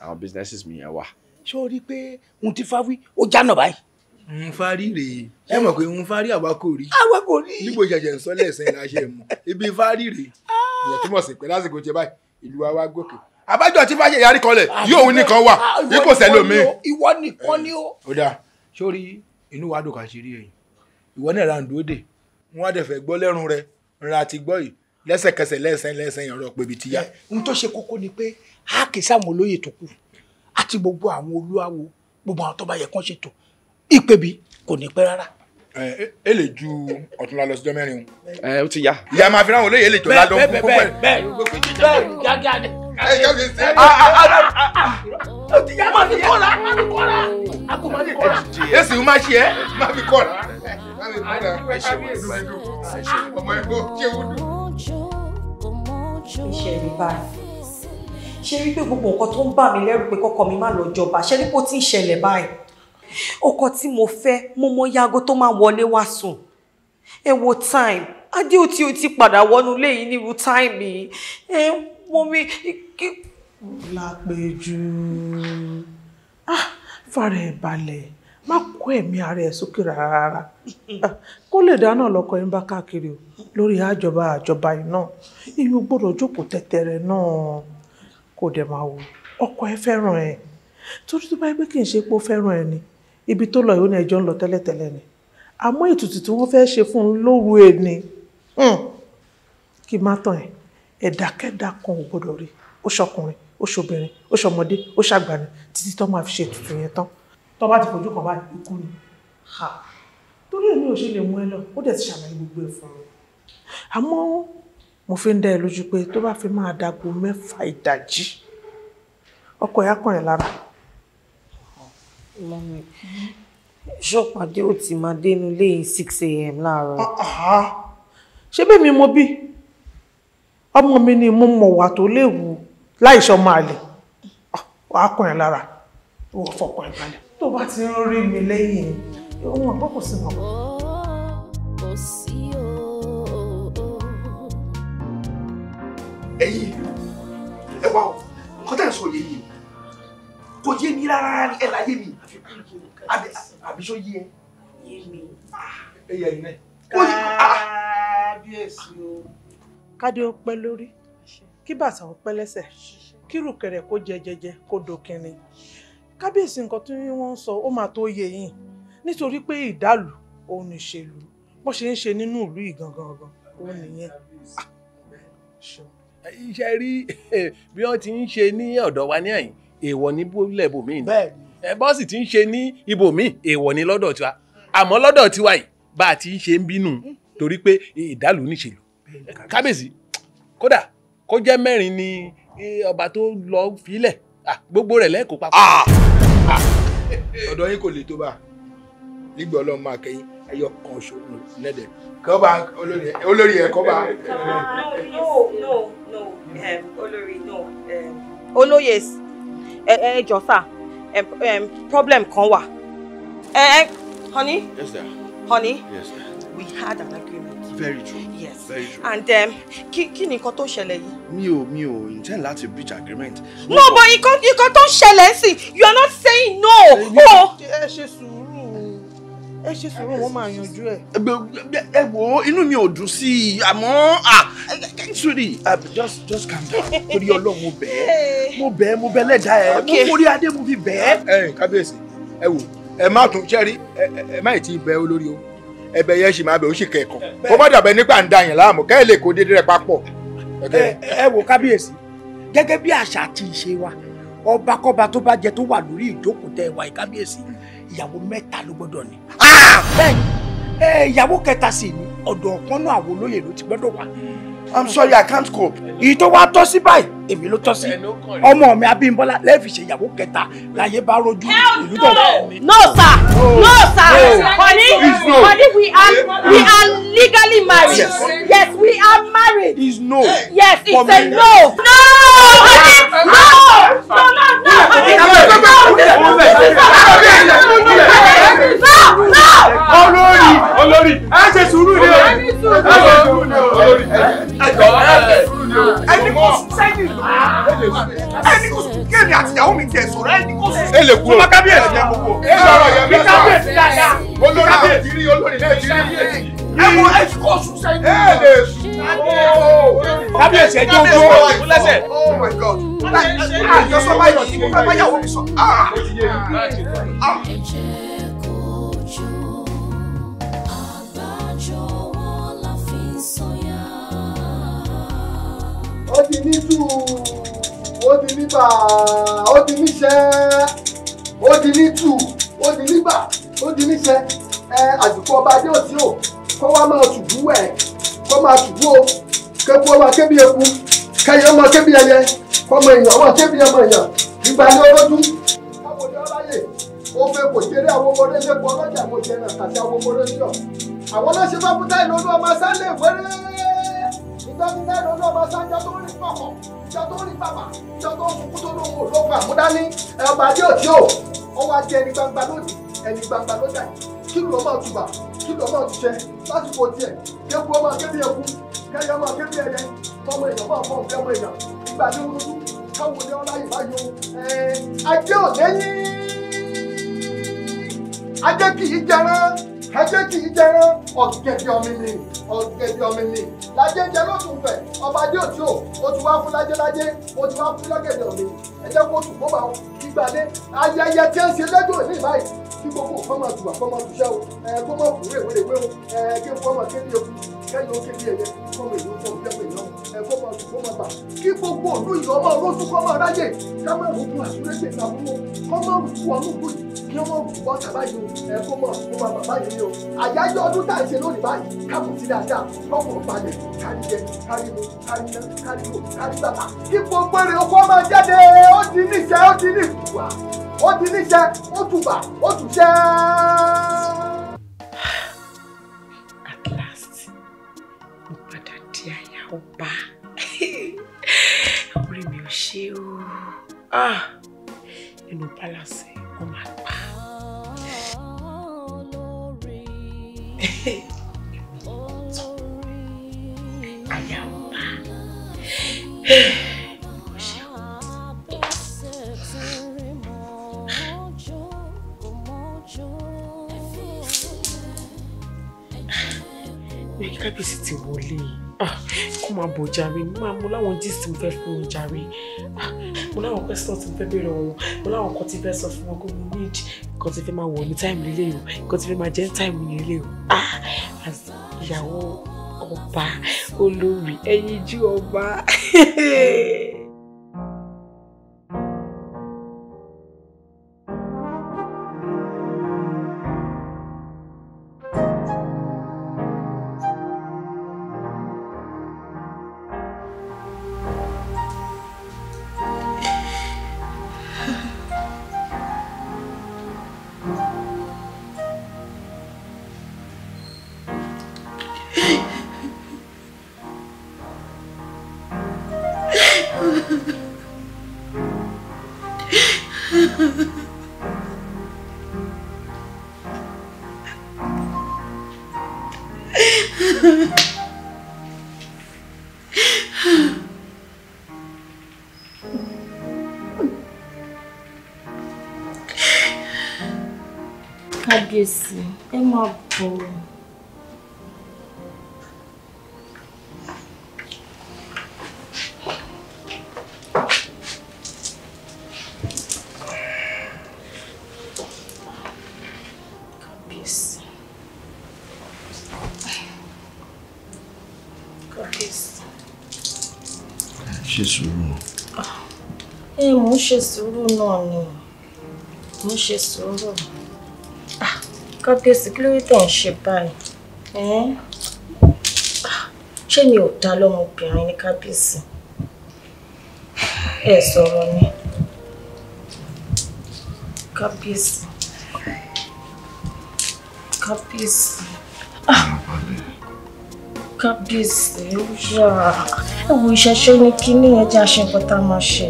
àwọn businesses mi yẹn wà. ṣé o rí i pé ohun tí fa wí ó jánà báyìí. ń farí rèé ẹ mọ̀ pé ń farí àwa kò rí. àwa kò rí. níbo ìṣẹ̀ṣẹ̀ ń sọ lẹ́sẹ̀ ẹ̀ láṣẹ mọ̀ ibi farí rèé. ìyẹn túmọ̀ sí pé lásìkò tí báyìí ìlú wa wá gòkè àbájọ tí fàṣẹ yarí kọlẹ̀ yóò nìkan wà bí kò sẹ́lómi. ìwọ nìkan ni ó. ó dáa sórí inú wa dùn kà sí rí ẹ̀yìn ìwọ náà ra ǹdó dè wọ́n á dẹ̀ fẹ́ gbọ́ lẹ́rù rẹ rẹ àti gbọ́ yìí lẹ́sẹ̀kẹsẹ̀ lẹ́sẹ̀ lẹ́sẹ̀ yẹn rọ pébi ti yá. ohun tó ṣe kókó ni pé a kì í sáwọn olóyè tó kù àti gbogbo àwọn olúwawo gbogbo àwọn tó bá yẹ ṣètò ìpèbí kò ní pẹ́ rárá. ẹ ẹ lè ju ọ̀túnla lọ síjọ́ mẹ́rin o. ẹ ó ti yá. ìyá máa fi ráwọn olóyè lè jọ ládọ́ púpọ̀ pẹ̀lú. bẹ́ẹ̀ bẹ́ẹ̀ jágá ni. ẹ jọ kì í ṣe. ó ti yá máa fi kọ́ra máa fi kọ́ra iṣẹ́ rí báyìí ṣe rí pé gbogbo nǹkan tó ń bà mí lẹ́rù pé kọ́kọ́ mi má lọ jọba ṣe rí pé ó ti ń ṣẹlẹ̀ báyìí ọkọ tí mo fẹ́ mo mọ yago tó máa wọlé wá sùn ẹ wo time adé ò tí ti padà wọnú ilé yìí nírú time ẹ mọ mi. lápẹjù ah fara ẹ balẹ̀ má kó ẹ̀mí ara ẹ̀ sókè rárá kó lè dáná lọ́kọ yín bá káàkiri o lórí àjọba àjọba yìí náà iyún gbọ́dọ̀ jókòó tẹ́tẹ́rẹ́ náà kò dẹ̀ máa wò ọkọ ẹ fẹ́ràn ẹ torí tó bá yẹ pé kì í ṣe pé ó fẹ́ràn ẹ ni ibi tó lọ yìí ó ní ẹjọ́ ń lọ tẹ́lẹ̀tẹ́lẹ̀ ni àmọ́ ètùtù tí wọ́n fẹ́ ṣe fún un lóru ẹ ni kí má tàn ẹ ẹ̀dákẹ́dá kan ò gbọ́dọ̀ rí ó ṣọkùnrin ó ṣobìnrin ó ṣọmọdé ó ṣàgbàní títí tó máa fi ṣètùtù yẹn tán tó bá ti fojú kan bá ikú ni ha torí èmi ò ṣe lè mú ẹ lọ ó dẹ̀ ti ṣàlàyé gbogbo ẹ̀ fún mi àmọ́ mo fi ń dá ẹ lójú pé tó bá fi máa dago mẹ́fà ìdajì ọkọ̀ ẹ̀ akọ̀rìn lára. mọ́mi ṣọ́pàdé ò ti máa dénú lé six a.m. láàárọ̀. ṣé bẹ́ẹ̀ mo bí ọmọ mi ni mo mọ̀ wà tó léwu láìsọ máa lè ọkọ̀ ah, ẹ̀ lára ó fọkàn ẹ̀ balẹ̀ tó bá ti ń rí mi lẹ́yìn ohun ọ̀pọ̀ kò sí mọ́. kò sí o. ẹ̀yin ẹ wá o nǹkan tá à ń sọ yé mi kò yé mi rárá ẹ láyé mi àbí sọ yé ẹ. yé mi. ẹ yà yín náà. kábíyèsí o. kádé ó pẹ́ lórí kí bàtà ó pẹ́ lẹ́sẹ̀ kí rùkẹ̀rẹ̀ kó jẹjẹjẹ kó dokinrin kábíyèsí nǹkan tí wọ́n ń sọ ó máa tó yé yín nítorí pé ìdálù òun nìṣèlú bó ṣe ń ṣe nínú ìlú yìí gangan òun nìyẹn. iṣẹ́ ah, rí bí wọ́n ti ń ṣe ní ọ̀dọ̀ wa ní àyìn èèwọ̀ ní bólẹ̀ bòmíì ni bọ́ọ̀sì ti ń ṣe ní ibòmíì èèwọ̀ ní lọ́dọ̀ tiwa àmọ́ lọ́dọ̀ tiwa yìí bá a ti ń ṣe ń bínú torí pé ìdálù níṣèlú kábíyèsí kódà kó jẹ́ mẹ́rin ni eh, ọba tó lọ fílẹ̀ ah, gbogbo rẹ̀ lẹ́kọ̀ọ́ papọ̀. Ah! ọ̀dọ̀ yín kò lè tó bá nígbà ọlọ́run máa kẹ́yìn ẹyọ kan ṣòro lẹ́dẹ̀ kọ́ba olórí ẹ̀ kọ́ba. olórí no olóyè ẹ jọ sá problem kan wà. honey. yes sir. honey. yes sir we had an agreement. very true. yes very true. and um, ki ni nǹkan tó ṣẹlẹ̀ yìí. mi ò mi ò intend láti breach agreement. no, no but nǹkan nǹkan tó ṣẹlẹ̀ sí you are not saying no. Oh. ẹ ṣe sùúrù ẹ ṣe sùúrù wọn máa yanjú ẹ. ẹ wo inú mi ò dùn sí i àmọ́ sorry just just calm down torí ọlọ́run mo bẹ̀ẹ́ mo bẹ̀ẹ́ mo bẹ̀ẹ́ lẹ́dàá ẹ̀ mo mórí adé mo fi bẹ̀ẹ́. ẹ kábíyèsí ẹ wò ẹ má tún ṣẹ́rí ẹ má ì tí ì bẹ olórí o ẹbẹ yẹn ṣì máa bẹ ó sì kẹkọọ bá dàbẹ nígbà ń da yẹn láàmú kẹ́ ẹ lè kó déédéé rẹ papọ̀. ẹ wo kábíyèsí gẹ́gẹ́ bí àṣà àti ìṣe wa ọbakọba tó bá jẹ tó wà lórí ìjókòó tẹ wà kábíyèsí ìyàwó mẹ́ta ló gbọ́dọ̀ ní. Ah! bẹ́ẹ̀ ìyàwó kẹta sì ni ọ̀dọ̀ ọ̀kan náà ló ti gbọ́dọ̀ wà i'm sorry i can't cope You don't èyí tó wá tọ́ sí báyìí èmi ló tọ́ sí ọmọ mi Abímbọ́lá lẹ́ẹ̀fì ṣe ìyàwó kẹta láyé bá rojú ìlú tó. no no, sir no sir honey honey we are we are legally married yes, yes we are married. is no yes it's a no. no honey no no no no honey no olórí olórí ẹ ṣe sùúrù ni o ẹ ṣe sùúrù ni o olórí ẹ jọ ẹ ṣe sùúrù ni o ẹni kò sùn sẹ́yìn ẹni kò sùn kéèmí àtìyàwó mi tiẹ̀ sọ̀rọ̀ ẹni kò sùn. ẹ lè kúrò ọmọ kábíyèsí yẹn gbogbo ẹ sọ̀rọ̀ yẹn bí kábíyèsí dáadáa olórí nàìjírí olórí nàìjírí ẹ wo ẹ kò sùn sẹ́yìn. ẹ lè sùn kábíyèsí ẹjọ́ ojú ọ̀rọ̀ ìfúnlẹ́sẹ̀. oh my god àjọsọ báyọ̀ tí mo fẹ́ báyàwó mi sọ. Ah ó ti ní tù ó ti ní bà ó ti ní ṣẹ ó ti ní tù ó ti ní bà ó ti ní ṣẹ ẹ àsìkò ọba adé òsì ò kó wá máa tùbú ẹ kó máa tùbú o kéku ọmọ kébi eku kẹyẹ ọmọ kébi ẹyẹ kọmọ èèyàn ọmọ kébi ọmọ èèyàn ìgbà ni ó fẹ́ kò ṣeré àwọn ọmọdé lẹ́kọ̀ọ́ ọlọ́jà mo jẹ náà àti àwọn ọmọdé ń jọ àwọn náà ṣe fáfútà ìlọ́lú ọmọ sálẹ̀ wẹ́rẹ́ ìgbàgbọ́n ìlọ́lú ọmọ sájà tó rí pọ̀pọ̀ ìjọ tó rí pàpà ìjọ tó kú tó lówó ló pa àmúdá ní ọba àdé òtí o ọwọ́ ajé ẹni gbangba lónìí ẹni gbangba lọ́jà kí ló máa tùbà kí ló máa tùṣẹ lásìkò tiẹ̀ kéku ọmọ kébí eku kẹyọ ọmọ kébí ẹyẹ tọmọ èèyàn máa fọ òkè ọmọ èèyàn ìgbà ní orúkú káwọn ní ọlá ìbáyọ ẹ ajé òdẹ́yìn ajé kì í jẹran ajé kì í jẹran ọ̀gẹ̀dẹ̀ ọ̀mìnì ọ̀gẹ̀dẹ̀ ọ̀mìnì lajẹ́ ń jẹ lóṣù fẹ̀ ọba dé òtí o ó ti wá fún lajẹ́ lajẹ́ ó ti wá fún lọ́gẹ̀dẹ̀ ọ̀mìnì ẹ jẹ́ kó tù kó bá gbígbà dé ayẹyẹ tí ń ṣe lẹ́dọ̀ ní ìbáyìí kí gbogbo nǹkan máa tùwà kọ́mọ tuṣẹ́ o ẹ kó mọ̀ kúrèwéréwé o ẹ kí gbogbo òlú yìí ọmọ olóṣù kọ́ máa ráyè ká máa rò fún àtúrẹ́gbẹ̀ ìsàmúlò kọ́ máa rò fún ọdún kùn kí ọmọ òkùnkùn ọ̀tà báyìí o ẹ̀kọ́ máa kó máa bà báyìí ni o àyájọ́ ọdún tá à ń ṣe lónìí báyìí káàbù ti dáadáa lọ́kùnrin balẹ̀ kárí jẹ kárí mu kárí ná kárí mu kárí bàbà kí gbogbo èrè ọkọ máa jáde ó di níṣẹ́ ó di níwà ó di níṣẹ́ ó tùbà ó tùṣẹ́. At last, mo padà di àyà ọba orí mi ò ṣe o inú ah! pálásì wọn máa pa. àyà ò bá kábíyèsí ti wọlé yìí. Ah, kó máa bọ̀ jàre máa mo láwọn gist mo fẹ́ fún wọn jàre ah, mo láwọn questions mo fẹ́ béèrè wọn mo láwọn nǹkan tí fẹ́ sọ fún wọn kó mo need nǹkan tí fẹ́ máa wọ̀ ní time lílé o nǹkan tí fẹ́ máa jẹ́ time nílé o ah, as ìyàwó ọba olórí ẹyin jú ọba. É uma boa. Cabeça. Cabeça. Jesus. É, muito Jesus, não, é? não. Muito Jesus. kábíyèsí kí lórí tó ń ṣe báyìí ṣé mi ò dá lọ́mọbìnrin ní kábíyèsí ẹ sọ̀rọ̀ ni kábíyèsí kábíyèsí kábíyèsí ó yà ẹ̀wọ̀n ìṣẹ̀ṣẹ̀ ní kí ní ẹja ṣe nǹkan tá máa ṣe.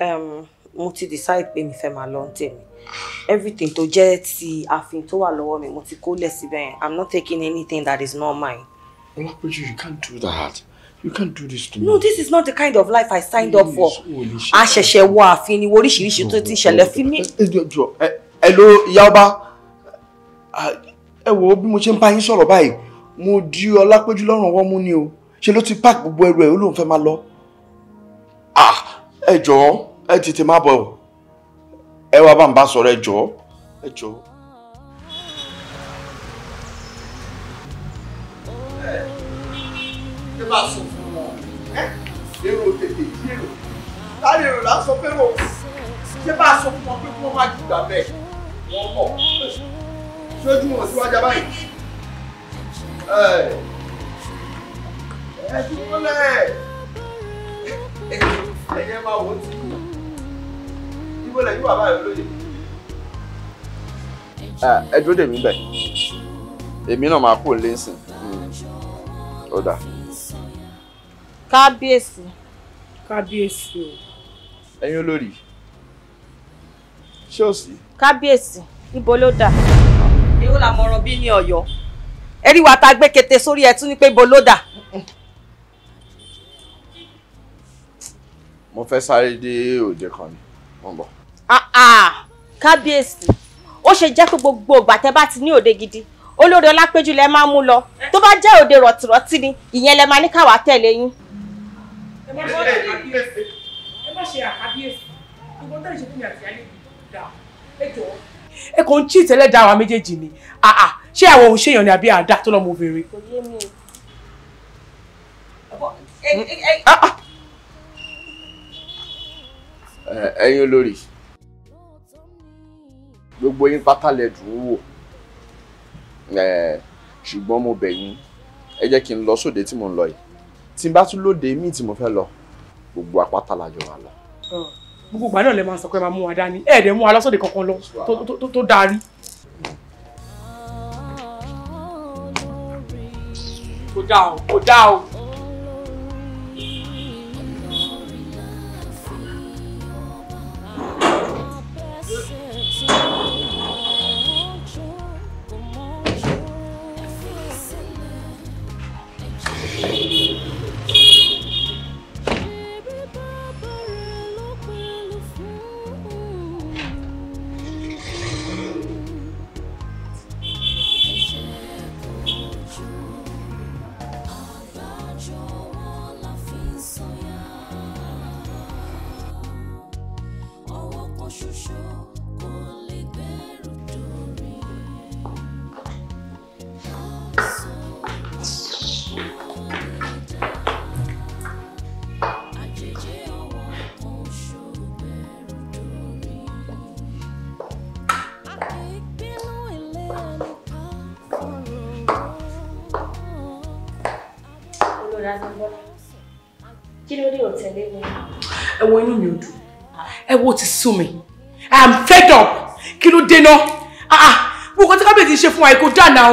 Um, mo ti decide pé mi fẹ́ máa lọ tèmi everything To jẹ́ ti ààfin to wà lọ́wọ́ mi mo ti kó lẹ̀ síbẹ̀ yẹn i'm not taking anything that is not mine. Olapeju you can't do that you can't do this to me. no this is not the kind of life i signed up for. Oh, a ṣẹ̀ṣẹ̀ wọ ààfin ni oríṣiríṣi tó ti ṣẹlẹ̀ fi mí. ẹ ló ìyá ọba ẹ wo bí mo ṣe ń bá yín sọ̀rọ̀ báyìí mo di Ọlápéjú lọ́rùn ọwọ́ mú ni o ṣe ló ti pack gbogbo ẹrù ẹ̀ ó lóun fẹ́ máa lọ. Ah, ẹ jọ̀ọ́ ẹ tètè má bọ̀ ẹ wá bá ń bá sọ̀rọ̀ ẹ jọ̀ọ́ ẹ jọ̀ọ́. ẹ bá sọ fún wọn èrò tètè èrò láti èrò là ń sọ pé wọn ṣé bá sọ fún wọn pé wọn má jù gbà bẹ́ẹ̀ wọn mọ ṣojú wọn síwájú abáyé ẹ dúró lẹ ẹyẹ máa wọ tí gbogbo lẹ́yìn bàbá rẹ lóye. ẹ dúró dèmí bẹ èmi náà máa kú lé nsìn hmm, ó dà. kábíyèsí. kábíyèsí o. ẹ̀yin olórí ṣé o sí. kábíyèsí ibo ló dà. èyí ó làmọ̀ràn bí ní ọ̀yọ́ ẹ̀rí wa ta gbé kété sórí ẹ̀ tún ní pé ibo ló dà. mo fẹ́ sáré dé òde kan ni wọ́n bọ̀. Ah, ah. kábíyèsí ó ṣe jẹ́ pé gbogbo ìgbà tẹ́ bá ti ní òde gidi olórí ọlápéjú lẹ máa mú lọ tó bá jẹ́ òde rọ̀tìrọ̀tì ni ìyẹn lẹ máa ní káwá tẹ̀lé yín. ẹ má ṣe àkábíyèsí ẹ má ṣe àkábíyèsí gbogbo tó lè ṣe fún mi àti àlejò dà ẹ jọ̀ọ́ ẹ kò ń tí ìtẹ́lẹ̀ dá wa méjèèjì ni ah, ṣé àwọn òun ni àbí àdá tó olórí gbogbo yín pátá lẹ dùn ún wò ṣùgbọ́n mo bẹ̀ yín ẹ jẹ́ kí n lọ sóde tí mo ń lọ yìí tí n bá tún lóde míì tí mo fẹ́ lọ gbogbo apáta làjọ máa lọ. gbogbo ìgbà náà lè máa sọ pé máa mú wa dání ẹ̀ẹ́dẹ̀ mú wa lọ́sọ̀dẹ̀ kankan lọ tó darí. kò dáa o kò dáa o. sú mi i'm fed up kí ló dé náà ah ah gbogbo tí kábíyèsí ṣe fún wa kò dáa náà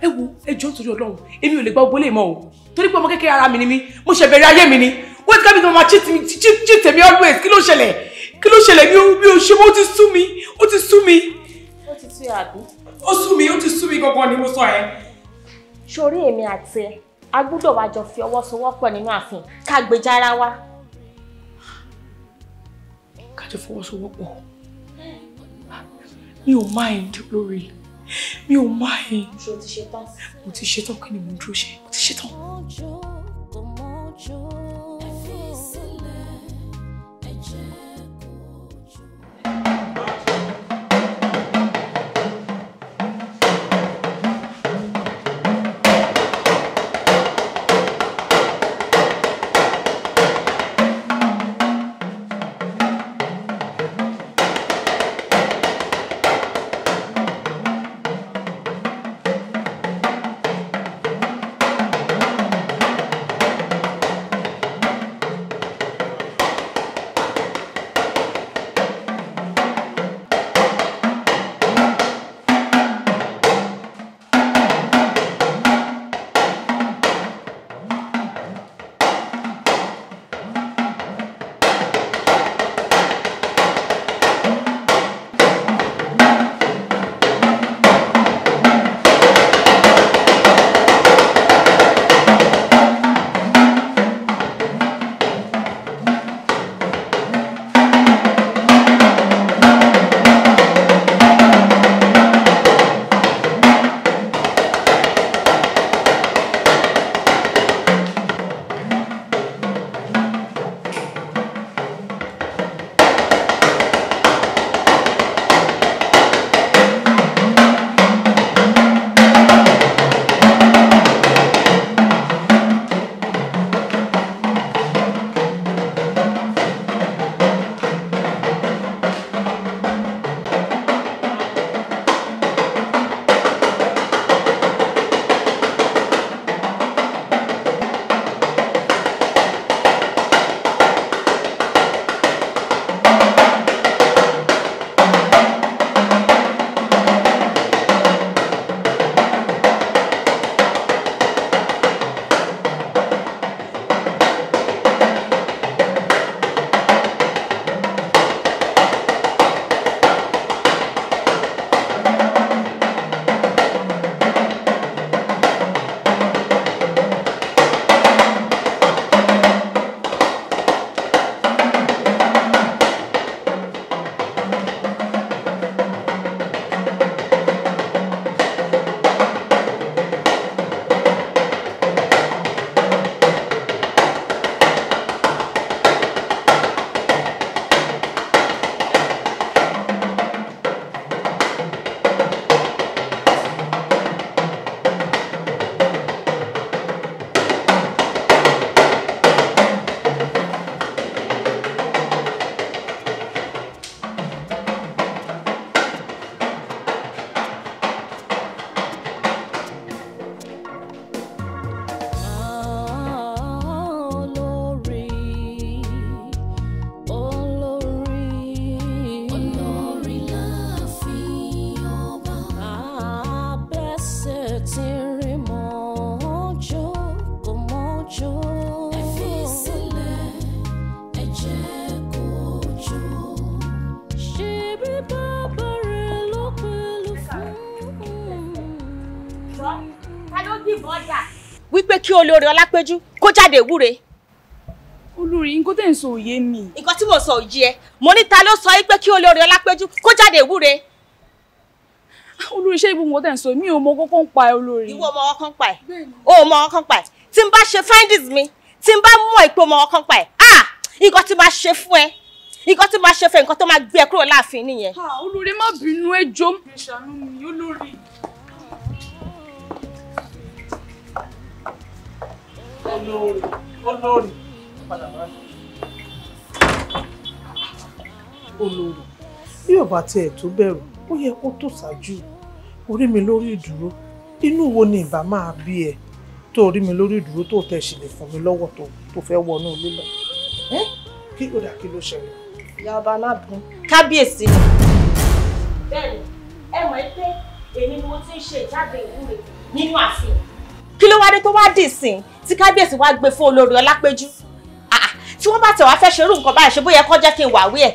ẹ wo ẹ jọ nítorí Ọlọ́run èmi ò lè gba gbólé mọ́ o torí pé ọmọ kékeré ara mi ni mí mo ṣe bẹ̀rẹ̀ ayé mi ni wọ́n ti kábíyèsí máa cheat mi always kí ló ṣẹlẹ̀ kí ló ṣẹlẹ̀ mi ò ṣe mọ́ ó ti sú mi ó ti sú mi. ó ti tú àbí. ó sú mi ó ti sú mi gangan ni mo sọ ẹ. sórí èmi àti ẹ a gbúdọ̀ wájọ fi ọwọ́ sowọ́pọ̀ nínú ààfin ká gbèjà ara wa láti fọwọ́sowọ́pọ̀ mi ò mind lórí mi ò mind. ṣé o ti ṣetán. mo ti ṣetán kí ni mo dúró ṣe mo ti ṣetán. olóore ọlápẹjú kó jáde ìwúre. olórí nǹkan tẹ̀ ń sọ òye mi. nǹkan tí mo sọ òye ẹ mo níta ló sọ pé kí olóore ọlápẹjú kó jáde ìwúre. Ah, olórí iṣẹ́ ibùdó nǹkan tẹ̀ ń sọ mi ò mọ kókó ń pa ẹ olórí. ìwọ ọmọ ọkàn pa ẹ o mọ ọkàn pa ẹ tí n bá ṣe findings mi tí n bá mọ ìpò ọmọ ọkàn pa ẹ ah nǹkan tí máa ṣe fún ẹ nǹkan tí máa ṣe fún ẹ nǹkan tó máa gbé ẹ kúrò láàfin nìyẹn. olórí má bínú ẹjọ́. olórí padà bá mi. olórí bí ò bá tiẹ̀ tó bẹ̀rù ó yẹ kó tó ṣáájú orí mi lórí ìdúró inú wo ni ìbá máa bí ẹ tó rí mi lórí ìdúró tó tẹ̀ sì lè fún mi lọ́wọ́ tó fẹ́ wọnú ilé lọ kí ló dà kí ló ṣẹlẹ̀. ìyá ọba aláàbùn kábíyèsí ni. bẹ́ẹ̀ni ẹ mọ̀ pé èmi ni mo ti ń ṣe ìjáde ìlú mi nínú àfihàn kí ló wá dé tó wá dì sìn tí kábíyèsí wá gbé fún olórí ọlápẹjú ah, ah, tí wọ́n bá tẹ̀ wá fẹ́ ṣerú nǹkan báyìí ṣe bóyá kó jẹ́ kí n wà wí ẹ̀.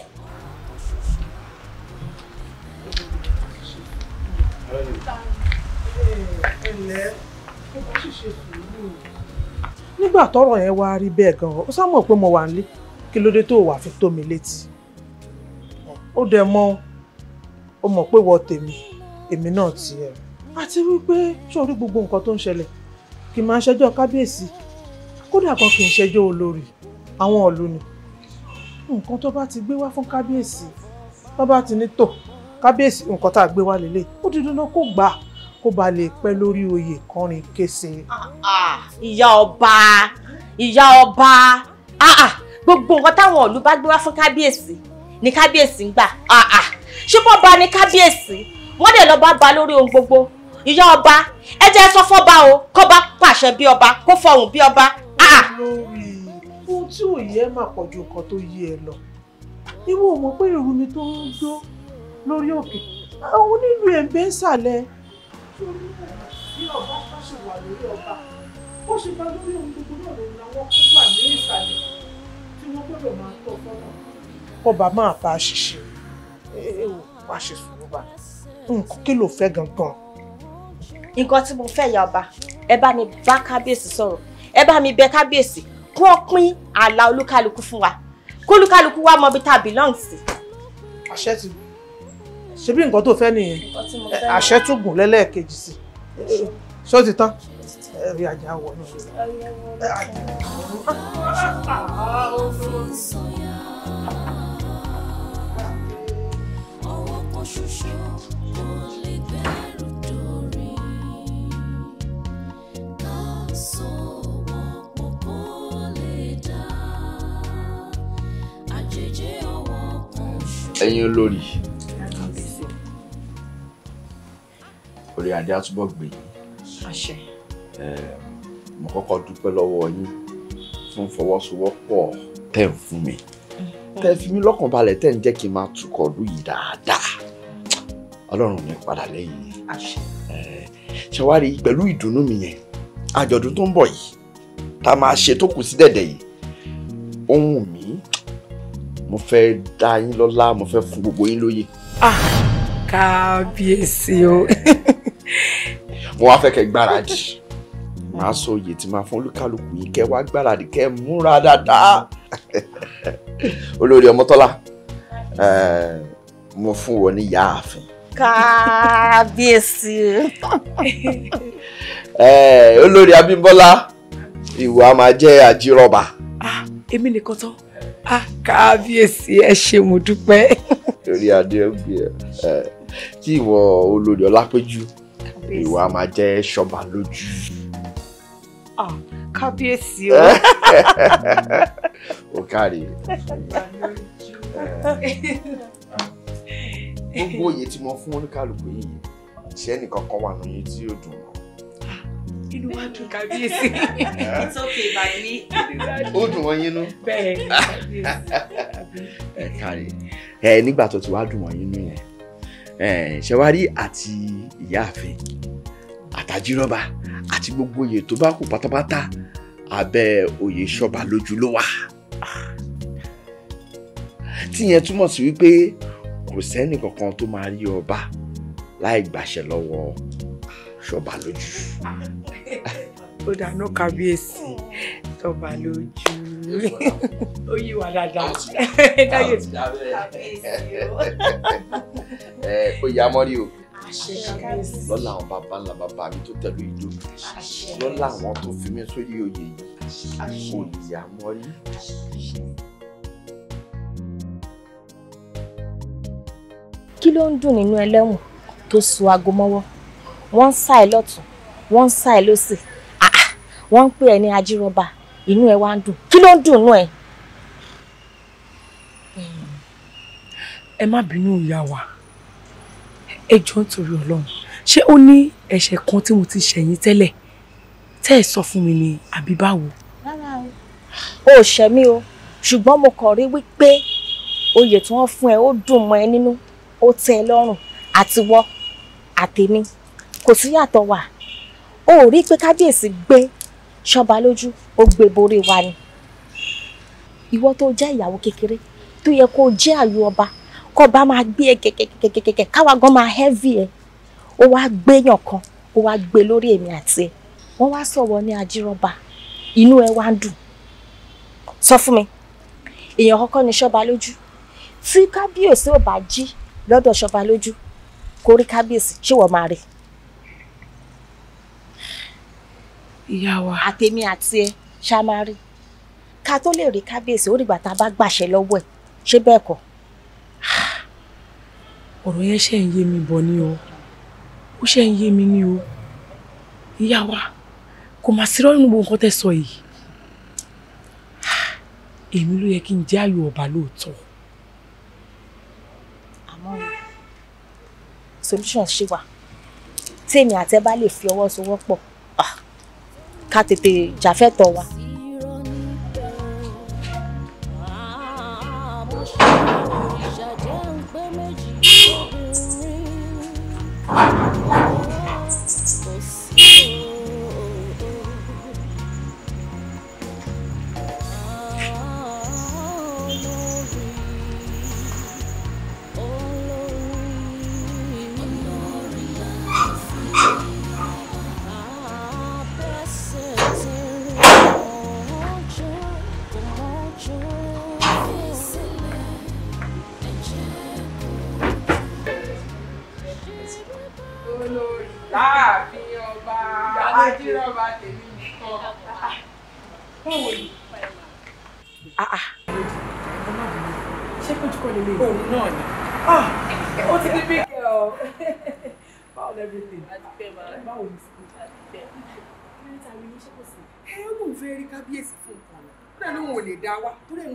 nígbà tọ́rọ̀ yẹn wá rí bẹ́ẹ̀ gan ó sámọ pé mo wà nílé kí ló dé tó wà fi tó mi létí ó dẹ̀ mọ̀ ó mọ̀ pé wọ tèmi èmi náà tiẹ̀ àti wípé ṣé o rí gbogbo nǹkan tó ń ṣẹlẹ̀ kì í máa ṣẹjọ́ kábíyèsí kódà kan kì í ṣẹjọ́ olórí àwọn ọ̀lú ni nǹkan tó bá ti gbé wá fún kábíyèsí tó bá ti ní tò kábíyèsí nǹkan tá a gbé wá lélẹ̀ ó di dandan kó gbà kó ba lè pẹ́ lórí oyè kọrin kése. ìyá ọba ìyá ọba gbogbo nǹkan táwọn ọ̀lú bá gbé wá fún kábíyèsí ni kábíyèsí ń gbà ṣé bọ́ba ni kábíyèsí wọ́n dẹ̀ lọ́ọ́ bá ba lórí ohun gbogbo ìyá ọba ẹ jẹ́ sọ fọ́ba o kọ́ba pàṣẹ bí ọba kó fọhùn bí ọba. Ah, ah. lórí ohun tí òye ẹ máa pọ̀ ju nǹkan tó yé ẹ lọ ìwọ mọ̀ pé ìrù mi tó ń jó lórí òkè àwọn onílù ẹ̀ ń bẹ́ ń sàlẹ̀. torí náà bí ọba bá ṣe wà lórí ọba ó ṣe bá lórí ohun gbogbo náà lòun làwọn kó wà ní ìsàlẹ̀ tí wọ́n gbọ́dọ̀ máa tọ́ fọ́nà. ọba máa bá a ṣiṣẹ́ ẹ ẹ wò má ṣe sùn ló bá nǹkan kí ló fẹ́ gangan nǹkan tí mo fẹ́ ìyá ọba ẹ bá mi bá kábíyèsí sọ̀rọ̀ ẹ bá mi bẹ kábíyèsí kí wọ́n pín àlà olúkálukú wa kólúkálukú wa mọ ibi tá belong sí. àṣẹ ti gùn ṣebí nǹkan tó fẹ́ nìyẹn àṣẹ tún gùn lẹ́lẹ́ẹ̀kejì sí ṣó ti tán ẹ̀rí ajá wọ̀ náà. Ọwọ́ kan ṣoṣo kò lè. ẹ̀yin olórí orí adé àtúbọ̀ gbè yín mo kọ́kọ́ dúpẹ́ lọ́wọ́ yín fún fọwọ́sowọ́pọ̀ tẹ̀ ń fún mi mm-hmm. tẹ̀ fi mí lọ́kàn balẹ̀ tẹ̀ ń jẹ́ kí n máa tukọ̀ lù yìí dáadáa ọlọ́run mi padà lẹ́yìn ṣe wá rí pẹ̀lú ìdùnnú mi yẹn àjọ̀dún tó ń bọ̀ yìí tá a máa ṣe tó kù sí dẹ̀dẹ̀ yìí ó wù mo fẹ́ dá yín lọ́lá mo fẹ́ fún gbogbo yín lóye. ah kábíyèsí o. mo wá fẹ́ kẹ́ gbáradì màá sọ òye tí màá fún olúkálùkù yìí kẹ́ wá gbáradì kẹ́ múra dáadáa. olórí ọmọtọ́lá mo fún wọn ní yáàfin. kábíyèsí. olórí abímbọ́lá ìwà máa jẹ́ àjírọ̀bà. ah èmi nìkan tán a ah, kábíyèsí ẹ ṣe mo dúpẹ́. torí adé ọgbẹ ẹ tí ìwọ olórí ọlápẹjù ìwà máa jẹ ṣọba lójú. Ah, kábíyèsí o. o kárí. gbogbo oyè tí mo fún oníkàlùkù yìí ṣé ẹnìkan kan wà lóyún tí yóò dùn inú wa kábíyèsí. it's okay by me. ó dùn wọ́n yín nú. bẹ́ẹ̀ ẹ káre ẹ nígbà tó ti wá dùn wọ́n yín nú yẹn ṣe wá rí àti ìyáàfin àtàjírọ́ba àti gbogbo oyè tó bá kù pátápátá abẹ́ oyè ṣọba lójú ló wà tíyẹn túmọ̀ sí wípé kò sẹ́ni kankan tó máa rí ọba láì gbàṣẹ lọ́wọ́ ṣọba lójú ó dáná kábíyèsí tọba lójú ó yí wa dáadáa kábíyèsí eh, ó yá mọ́rí o lọ́la àwọn bàbá ńlá bàbá mi tó tẹ̀lé ìjó lọ́la àwọn tó fi mí sórí oyè yìí ó mọ́rí. kí ló ń dùn nínú ẹlẹ́wọ̀n tó so aago mọ́wọ́ wọ́n ń sá ẹ lọ́tún wọ́n ń sá ẹ lọ́sì wọ́n ń pè ẹ́ ní ajírọ́bà inú ẹ wá ń dùn kí ló ń dùn nú ẹ. ẹ má bínú ìyá wa ẹ jọ ń torí Ọlọ́run ṣé ó ní ẹ̀ṣẹ̀ kan tí mo ti ṣẹ̀yìn tẹ́lẹ̀ tẹ́ ẹ sọ fún mi ni àbí báwo. rárá o ò ṣẹ̀ mí o ṣùgbọ́n mo kàn rí wípé oyè tí wọ́n fún ẹ ó dùn mọ́ ẹ nínú ó tẹ́ ẹ lọ́rùn àti wọ́ àtèmi kò sí wà o ò rí pé kábíyèsí gbé ṣọba lójú ó gbé borí wa ni ìwọ tó jẹ́ ìyàwó kékeré tó yẹ kó jẹ́ àyò ọba kọba máa gbé ẹ kẹkẹkẹkẹkẹ káwa gan máa hẹ́vì ẹ ó wá gbéyàn kan ó wá gbé lórí èmi àti ẹ wọ́n wá sọ̀wọ́ ní ajírọ́ba inú ẹ wá ń dùn sọ fún mi èèyàn kọ́kọ́ ni ṣọba lójú tí kábíyèsí ò bá jí lọ́dọ̀ ṣọba lójú kó kábíyèsí ṣé wọ́n máa rí i. ìyá wa àtèmi àti ẹ ṣàmárì ká tó lè rí kábíyèsí ó dìgbà tá a bá gbàṣẹ lọ́wọ́ ẹ̀ ṣé bẹ́ẹ̀ kọ́. ọ̀rọ̀ yẹn ṣe ń yé mi bọ̀ ni o ó ṣe ń yé mi ni o ìyá wa kò mà sí rọ́ọ̀nù gbogbo nǹkan tẹ́ sọ yìí èmi ló yẹ kí n jẹ́ ayò ọba lóòótọ́. àmọ́ solution ṣì wà tí èmi àtẹ bá lè fi ọwọ́ sowọ́pọ̀. So ká tètè jàfẹ́tọ̀ wa. Thank you.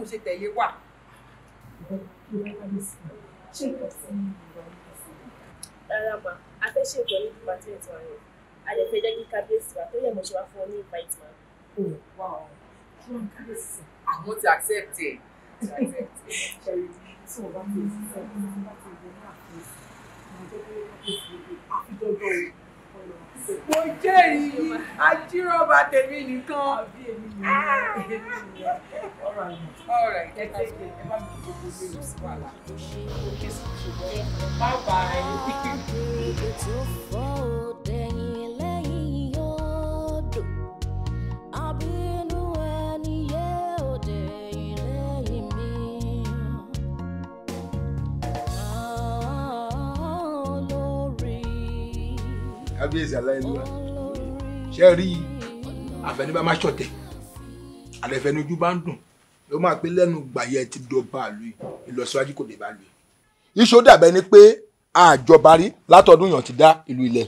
bóun ṣe tẹ̀lé wà. rárá ma a fẹ́ ṣètò ní department wa yẹn a lè fẹ́ jẹ́ kí kábíyèsí wa tó yẹ mo ṣe wá fún ọ ní invite ma. àwọn ti accept ẹ. tí wọ́n bá fi ìfẹ́ fún mi wọ́n bá fi ìwé náà fún mi àjọ bí wọ́n bá fi ìwé àfijọ́jọ́ òun mo jẹ́rìí ajíròba tèmi nìkan. Ah. Má bàa rẹ̀ ní. kábíyèsí aláìlúwa ṣe rí àfẹnibà má ṣọ̀tẹ̀ àlẹfẹnujú bá ń dùn ló máa pé lẹ́nu gbàyẹ ti dọba ìlú ìlọsíwájú kò dé bá lu. iṣó dàbẹ́ ni pé àjọba rí látọdún yàn ti dá ìlú ilẹ̀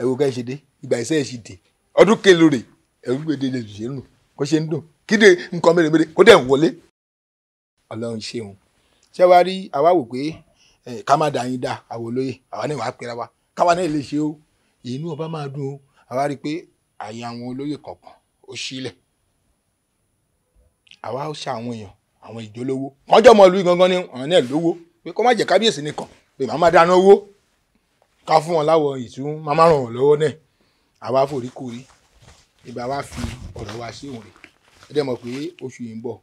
ẹ wo ká ẹ ṣe dé ìgbà ìṣe ẹ ṣe dé ọdún kelo rè ẹrú gbèdé lè ṣe ń nù kó ṣe ń dùn kíde nǹkan mèremère kó dẹ̀ ń wọlé. ọlọ́run ṣeun ṣé wàá rí àwa wò pé ká má dà yín dá àwòlóye àwa ní wàá pera wa táwa náà lè ṣe o inú ọba máa dùn o àwa rí i pé àyè àwọn olóyè kọ̀ọ̀kan ó sílẹ̀ àwa ó ṣe àwọn èèyàn àwọn ìjólówó kọjọ́ ọmọ ìlú gangan ni ọ̀ràn náà lówó pé kó má jẹ́ kábíyèsí nìkan pé màá máa dáná owó ká fún wọn láwọ ìtú máa má ràn wọ́n lọ́wọ́ náà àwa foríkorí ibà wa fi ọ̀rọ̀ wa sí òun rè ẹ dẹ́ mọ̀ pé oṣù yìí ń bọ̀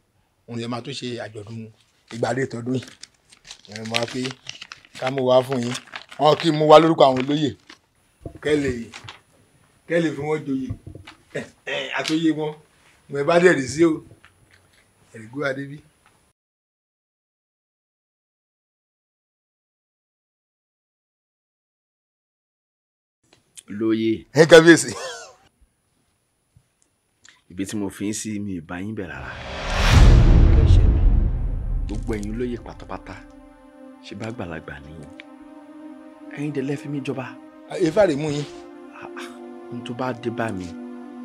òun lè máa tún ṣe àjọ̀dún ìgbàdé tọdún yìí ẹ mọ̀ pé ká mú wa fún yín wọn kì í mú wa lórúkọ àwọn olóyè kẹ́lẹ̀ kẹ́lẹ̀ fi wọ́n joyè àtòyè wọn mo ẹ bá dẹ̀ rí sí o ẹ̀rígbó adébí. lóye. ẹ kábíyèsí. ibi tí mo fi ń sí mi ìbá yín bẹ̀rẹ̀ rárá. gbogbo ẹ̀yin olóyè pátápátá ṣe bá gbàlagbà nìyẹn ẹ̀yin dẹ̀ lẹ́fí mi jọba. ifá rè mú yín. n tó bá dé bá mi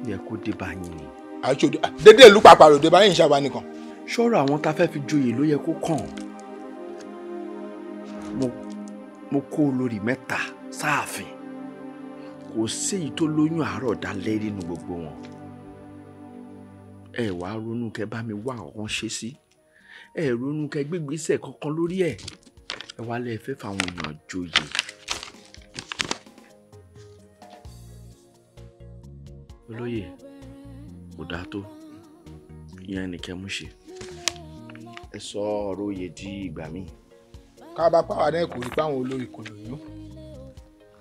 yẹ kó dé bá yín ni. àṣọjọ dédé ìlú pàpàrọ̀ dé bá yín ṣàwa nìkan. sọ̀rọ̀ àwọn tá a fẹ́ fi joyè ló yẹ kó kàn. mo kó olórí mẹ́ta sáàfin kò séyìí tó lóyún àárọ̀ dalẹ́ nínú gbogbo wọn ẹ wá ronú kẹ bá mi wá ọkàn ṣe sí ẹ ronú kẹ gbégbèsè kankan lórí ẹ ẹ wá lẹ fẹ́ fàwọn èèyàn joyè olóyè kò dáa tó ìyẹn nìkẹ́ mú ṣe ẹ sọ ọ̀rọ̀ oyè di ìgbà míì. ká bá pàwọn náà kò rí páwọn olórí kò lóyún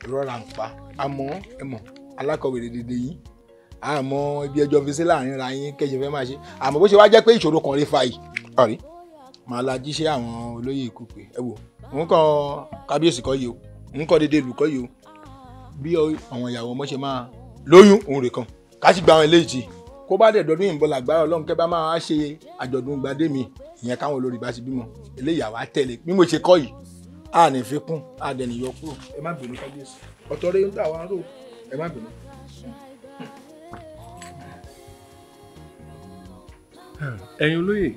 rọra ń pa àmọ́ ẹ mọ̀ alákọ̀wé dédé yìí àmọ́ ibi ẹjọ́ fi sí láàrin ra yín kẹjẹ fẹ́ máa ṣe àmọ́ bó ṣe wá jẹ́ pé ìṣòro kan rí fa yìí màá la jíṣẹ́ àwọn olóyè ikú pé ẹ wò ń kọ́ kábíyèsí kọ́ yìí o ń kọ́ dédé ìlú kọ́ yìí o bí àwọn ìyàwó ọmọ ṣe máa lóyún òun rè kan ká sì gba àwọn eléyìí tí kó bá dẹ̀ dọdún ìbọn làgbára ọlọ́run kẹ́ bá máa ṣe àjọ̀dún gbadé mi ìyẹn káwọn olórí bá ti bímọ eléyìí àwa tẹ̀lé bí mo ṣe kọ́ yìí a ní fi kún a dẹ̀ níyọ kúrò ẹ má bínú kábíyèsí ọ̀tọ̀ rẹ̀ ń tà wá rò ẹ má bínú. ẹ̀yin olóyè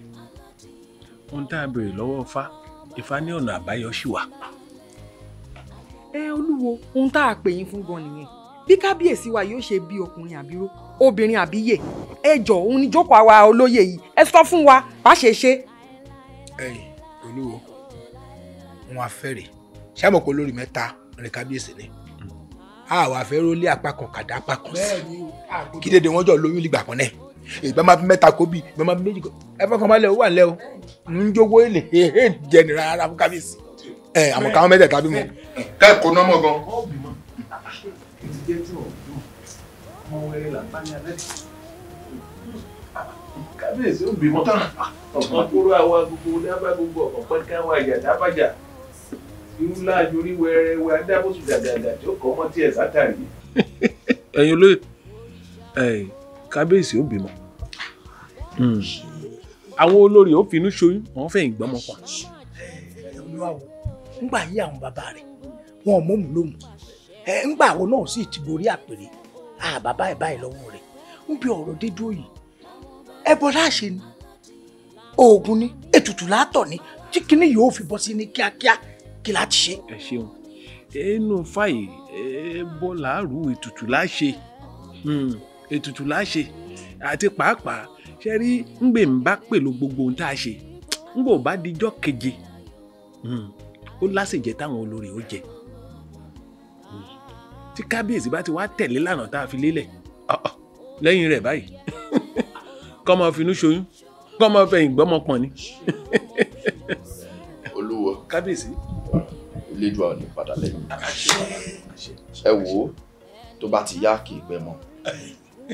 ohun tá a béèrè lọ́wọ́ Ifá Ifá ní ọ̀nà àbáyọ ṣì wà. ẹ olúwo ohun tá a pè yín fún gan nìyẹn bí kábíyèsí wa yóò ṣe bí ọkùnrin àbíró obìnrin àbíyè ẹ jọ òun ni jókòó àwa olóyè yìí ẹ sọ fún wa bá ṣe ṣe. ẹ̀yin olúwo wọn afẹ́rẹ̀ sàmọ̀pọ̀ olórí mẹ́ta rẹ̀ kábíyèsí ni àwọn afẹ́rẹ́ ó lé apá kan kàdá apá kan sí kí dédé wọn jọ lóyún nígbà kan náà ìgbà máa fi mẹ́ta kó bí ìgbà máa fi méjì kó ẹ fọkàn balẹ̀ ó wà lẹ́ o ń jówó èlé jẹ nira ara fún kábíyèsí ẹ àwọn káwọn mẹ́tẹ̀ẹ̀ta bímọ. kẹ́kọ̀ọ́ náà mọ̀ gan-an ti jẹ́ tí ọ̀gbọ́n ọmọ wẹrẹ làbá ní alẹ́ kábíyèsí ó bímọ ọ̀kan kúrò àwa gbogbo dábàá gbogbo ọ̀kan pẹ́ká wa àjàdá bàjà irú láàjò orí wẹrẹ wẹ adábòsù dàdàdà tí ó kọ́ ọmọ tí ẹ̀ sátàrí. ẹ̀yin olóyè kábíyèsí ó bímọ àwọn olórí ó finú ṣoyún wọn fẹ̀yìn gbọ́mọ pa. nígbà yí àwọn bàbá rẹ̀ wọn ò mọ̀mú lóhùn ẹ ńgbà wo náà sì ti gorí àpèrè a bàbá ẹ̀ báyìí lọ́wọ́ rẹ̀ ń bí ọ̀rọ̀ dédúró yìí ẹ bọ́ láṣẹ ni oògùn ni ètùtù látọ̀ ni tí kinní yóò fi bọ́ sí ní kíákíá kí láti ṣe. ẹ ṣeun inú fàyè ẹ bọ́ làárù ètùtù láṣẹ hmm, ètùtù láṣẹ àti pàápàá ṣe rí ńgbè ń bá pèlú gbogbo ohun tá a ṣe ńgbò bá dijọ́ keje hmm, ó lásìjẹ táwọn olórí ó jẹ. tí kábíyèsí bá ti wá tẹ̀lé lànà tá a fi lélẹ̀ lẹ́yìn rẹ̀ báyìí kọ́mọ finú ṣoyún kọ́mọ fẹ̀yìn gbọ́mọ pọ̀n ni. olúwo kábíyèsí. ilédùá ò ní padà lẹ́yìn. ẹ wo tó bá ti yá kì í pẹ́ mọ́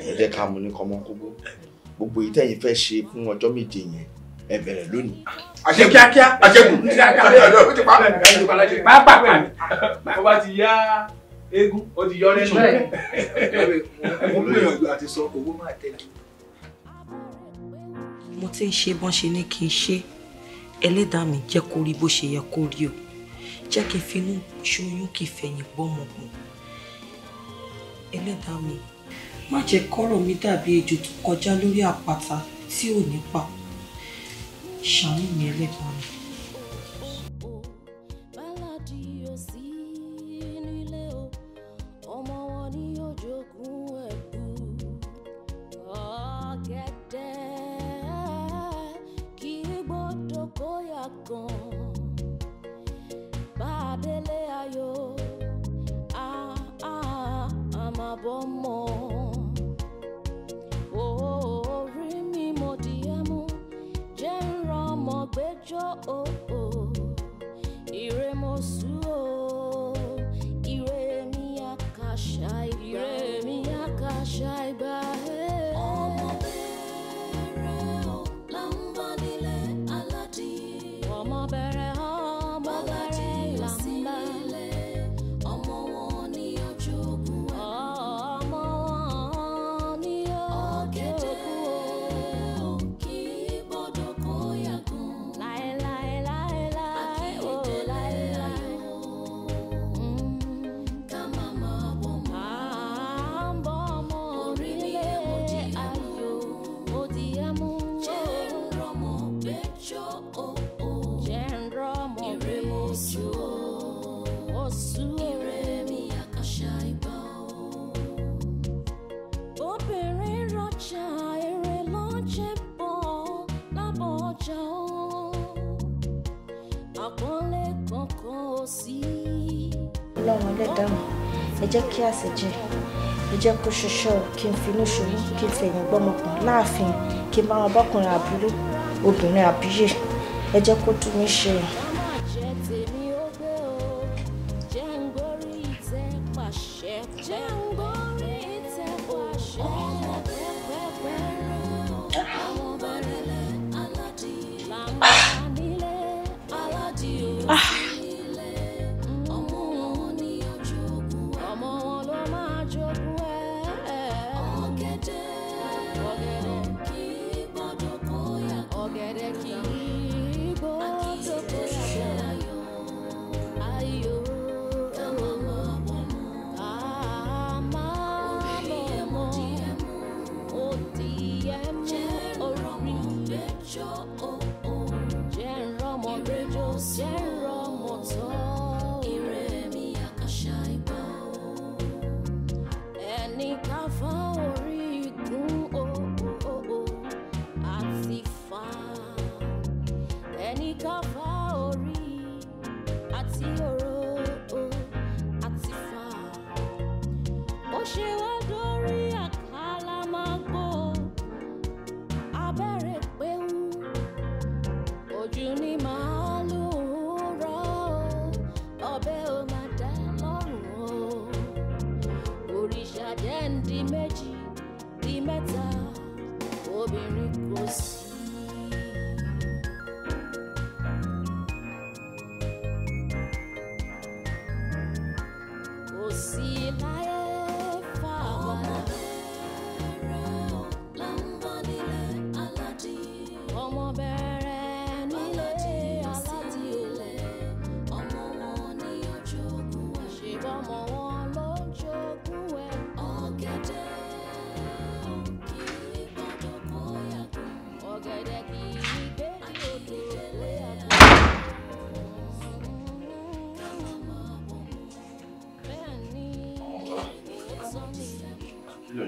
ẹ jẹ́ ká mú ní kọ́mọ kókó gbogbo ìtẹ̀yìn fẹ́ ṣe fún ọjọ́ méje yẹn ẹ bẹ̀rẹ̀ lónìí. àṣẹ kíákíá àṣẹ kù. bá a bá a bá a bá ti yá eégún ó ti yọ lẹ́nu. mo gbìyànjú àti sọ owó máa tẹ̀lé. mo ti ń ṣe bọ́n ṣe ní kí n ṣe ẹlẹ́dàá mi jẹ́ kó rí bó ṣe yẹ kó rí o jẹ́ kí n finú ṣoyún kí n fẹ̀yìn gbọ́mọ̀gbọ̀n ẹlẹ́dàá mi má jẹ́ kọ́rọ̀ mi dàbí ejò tó kọjá lórí àpáta tí ò ní pa ṣàánú mi ẹlẹ́dàá. ọjọ́ òò ire mo ọlọ́run ẹlẹ́dàá mi ẹ jẹ́ kí àṣejẹ ẹ jẹ́ kó ṣiṣẹ́ o kí n finú ṣòro kí n fẹ̀yìn gbọ́mọpọ̀n láàfin kí n bá wọn bọ́kùnrin àbúrò obìnrin àbíyè ẹ jẹ́ kó tún mi ṣe.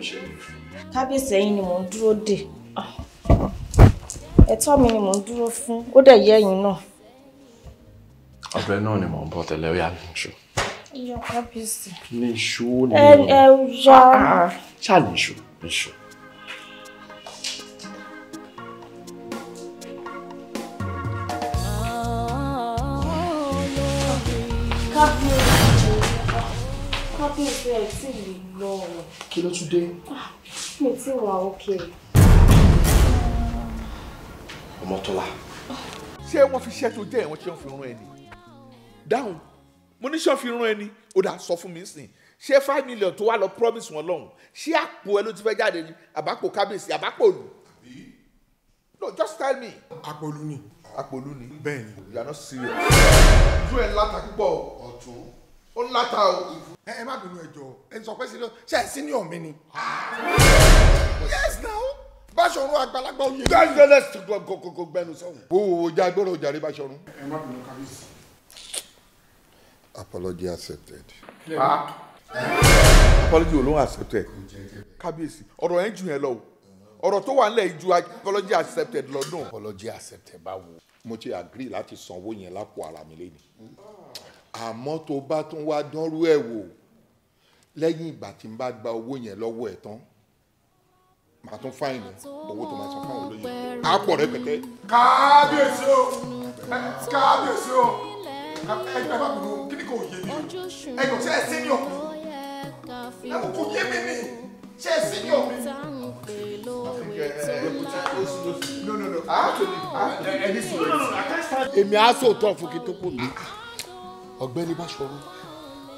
ṣẹlẹ̀. kábíyèsí ẹ̀yin ni mò ń dúró dè ah. ẹ̀tọ́ mi ni mò ń dúró fún ó dẹ̀ yẹ ẹ̀yin náà. ọbẹ̀ náà ni mò ń bọ̀ tẹ́lẹ̀ ó yà mí ṣù. iyọ̀ kábíyèsí. ní iṣu ni. ẹ ẹ ya. Ah, ṣáà ní iṣu ní iṣu. kí ló tún dé. mi ti wà òkè. Ọmọ́tọ́lá. ṣé wọ́n fi iṣẹ́ tó jẹ́ ẹ̀wọ̀n tí wọ́n fi rán ẹni dáhùn mo ní ṣọ́ọ̀fì rán ẹni ó dà sọ fún mi sìn ṣé five million tó wà lọ promise wọn lọ́hùn ṣé àpò ẹ ló ti fẹ́ jáde ni àbápò kábíyèsí àbápò lù no just tell me. àpòlù ni. àpòlù ni. bẹ́ẹ̀ ni. you are not serious. ojú ẹ̀ láta púpọ̀ ọ̀tún ó láta o. ẹ má bínú ẹ jọ̀ọ́ ẹ sọ pé sílẹ̀ ṣe é senior mi ni. yes now báṣọ̀run àgbàlagbà oyè. gbẹ́ngẹ́lẹ́ gbogbo gbẹnu sọ̀hún. o ò jà gbọ́dọ̀ jàre báṣọ̀run. ẹ má bínú kábíyèsí. apology accepted. Ah. apology olóhùn accepted. kábíyèsí ọ̀rọ̀ yẹn jù yẹn lọ o ọ̀rọ̀ tó wà nílẹ̀ ju apology accepted lọ́dún. apology accepted báwo. mo ti agree láti sanwó yẹn lápò ara mi lẹ́yìn àmọ́ tó bá tún wá dánrú ẹ̀ wò lẹ́yìn ìgbà tí n bá gba owó yẹn lọ́wọ́ ẹ̀ tán màá tún fáìnì owó tó máa san fáwọn olóyè á pọ̀ rẹpẹtẹ. kábíyèsí o kábíyèsí o ẹgbẹ́ bá bùnú kí ni kò yé mi ẹgbẹ́ ṣe é sí ní ọ̀pọ̀ ẹ̀wọ̀n kò yé mi ni ṣe é sí ní ọ̀pọ̀. èmi á sòótọ́ fún kí tó kù mí ọ̀gbẹ́ni Báṣọ̀run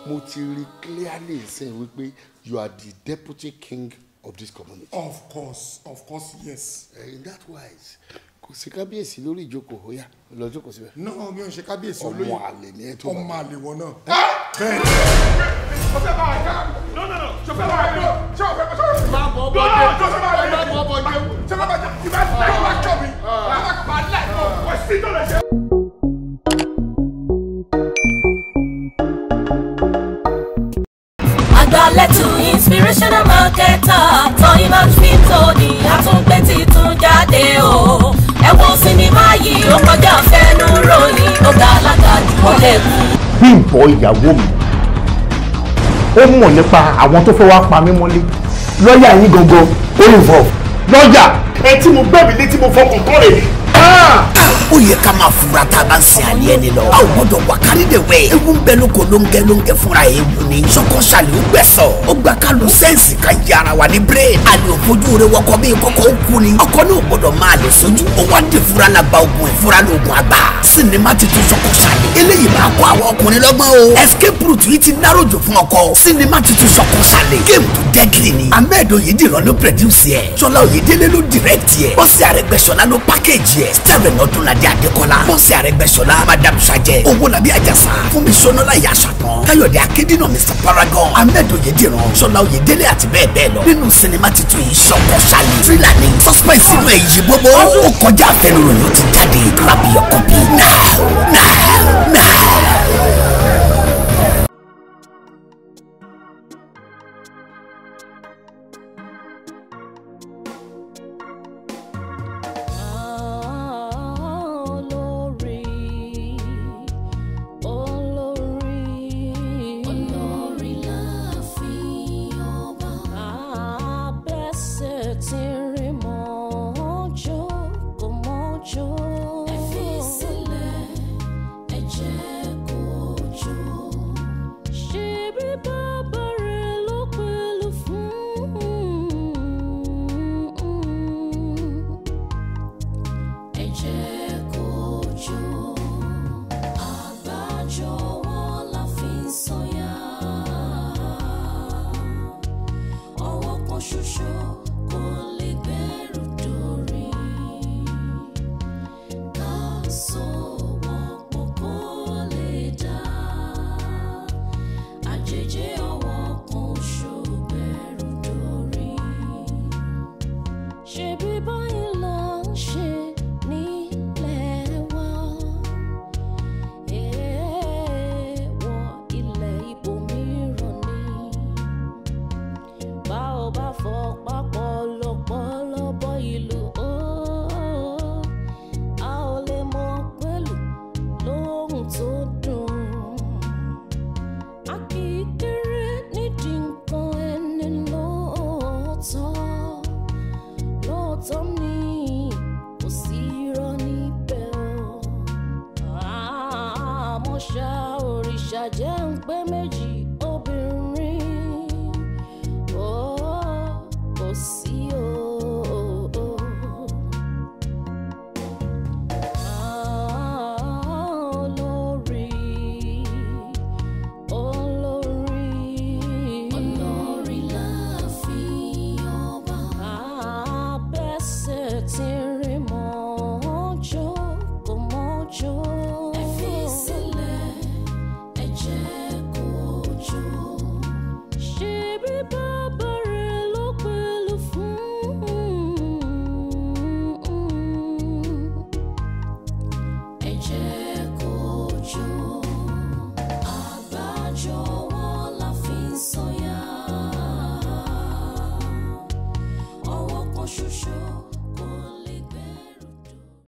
mo ti rí clearly sẹ́yìn wípé you are the deputy king of this community. of course of course yes. Uh, in that wise kò sí kábíyèsí lórí ìjókòó ó lọ jókòó síbẹ̀. náà mi ò ṣe kábíyèsí olóyè ọmọ àlè ni ẹ tó bá ọmọ àlè wọn náà. bẹ́ẹ̀ ni. o fẹ́ bá a ká no no no ṣe fẹ́ bá a lò ṣe o fẹ́ bá a lò. máa bọ̀ ọ́ bọ̀ jẹ́ o máa bọ̀ ọ́ bọ̀ jẹ́ o. ṣe máa bọ̀ jẹ́ ìbá ìbá ìbá jọ mi. máa bá a láì lọ wọ́n sí tó lè jẹ́. ìkàlẹ̀ tù inspirational marketer Toyin Maxfin Tóní àtúngbé titun jáde o ẹ wo sinimá yìí ó kọjá fẹnu ròyìn ó ga alága jù ó lẹ́kùn. bí ìbọ̀ ìyàwó mi ó mọ̀ nípa àwọn tó fẹ́ wá pa mí mọ́lé lọ́ọ̀yà yín gangan ó involve lọ́ọ̀yà ẹ tí mo gbẹ̀bí létí mo fọkàn kọ́ rèé. Ah! ó yẹ ká máa fura tá a bá ń sin àlẹ́ ẹni lọ. a ò gbọ́dọ̀ wà kárí de wẹ̀. ewu ń bẹ lóko lóńgẹ́ lóńgẹ́ fúnra ewu ni. sọkọ ṣàlẹ̀ ó gbẹ̀sọ̀. ó gbà ká lo sẹ́ǹsì ká yí ara wa ní brain. àlè òfojú rẹ wọkọ bí kọ́kọ́ ó kú ni. ọkọ náà gbọ́dọ̀ máa lè sojú. ó wá dé fura la ba ogun ìfura e ní ogun àgbà. sinimá ti tún sọkọ eléyìí máa kọ́ àwọn ọkùnrin lọ́gbọ́n o. escape route yìí ti dáròjò fún ọkọ. sinimá ti tún sọkọ ṣàlẹ̀. géèmù tó dẹ́gìrì ni. ahmed oyediran ló produce ẹ̀. E. sọlá oyedele ló direct ẹ̀. E. bọ́sì àrẹgbẹsọlá ló package ẹ̀. stephen ọdúnlá Lọ́ládé Adékọ́lá Bọ́sẹ̀ Arẹ́gbẹ́ṣọlá Madam Sajẹ Owólabí Àjàsà Fúnmi Sọnọ́lá Ìyáṣàtàn Káyọ̀dé Akédínà Mr Paragon Ahmed Oyèdìran Ṣọlá Oyèdélé àti bẹ́ẹ̀ bẹ́ẹ̀ lọ. Nínú sinimá titun yìí sọ̀kọ̀ ṣálẹ̀ tírìlà ni suspense inú ẹ̀ yí gbogbo. Ó kọjá àfẹnuròyìn ó ti jáde grab your copy now now now.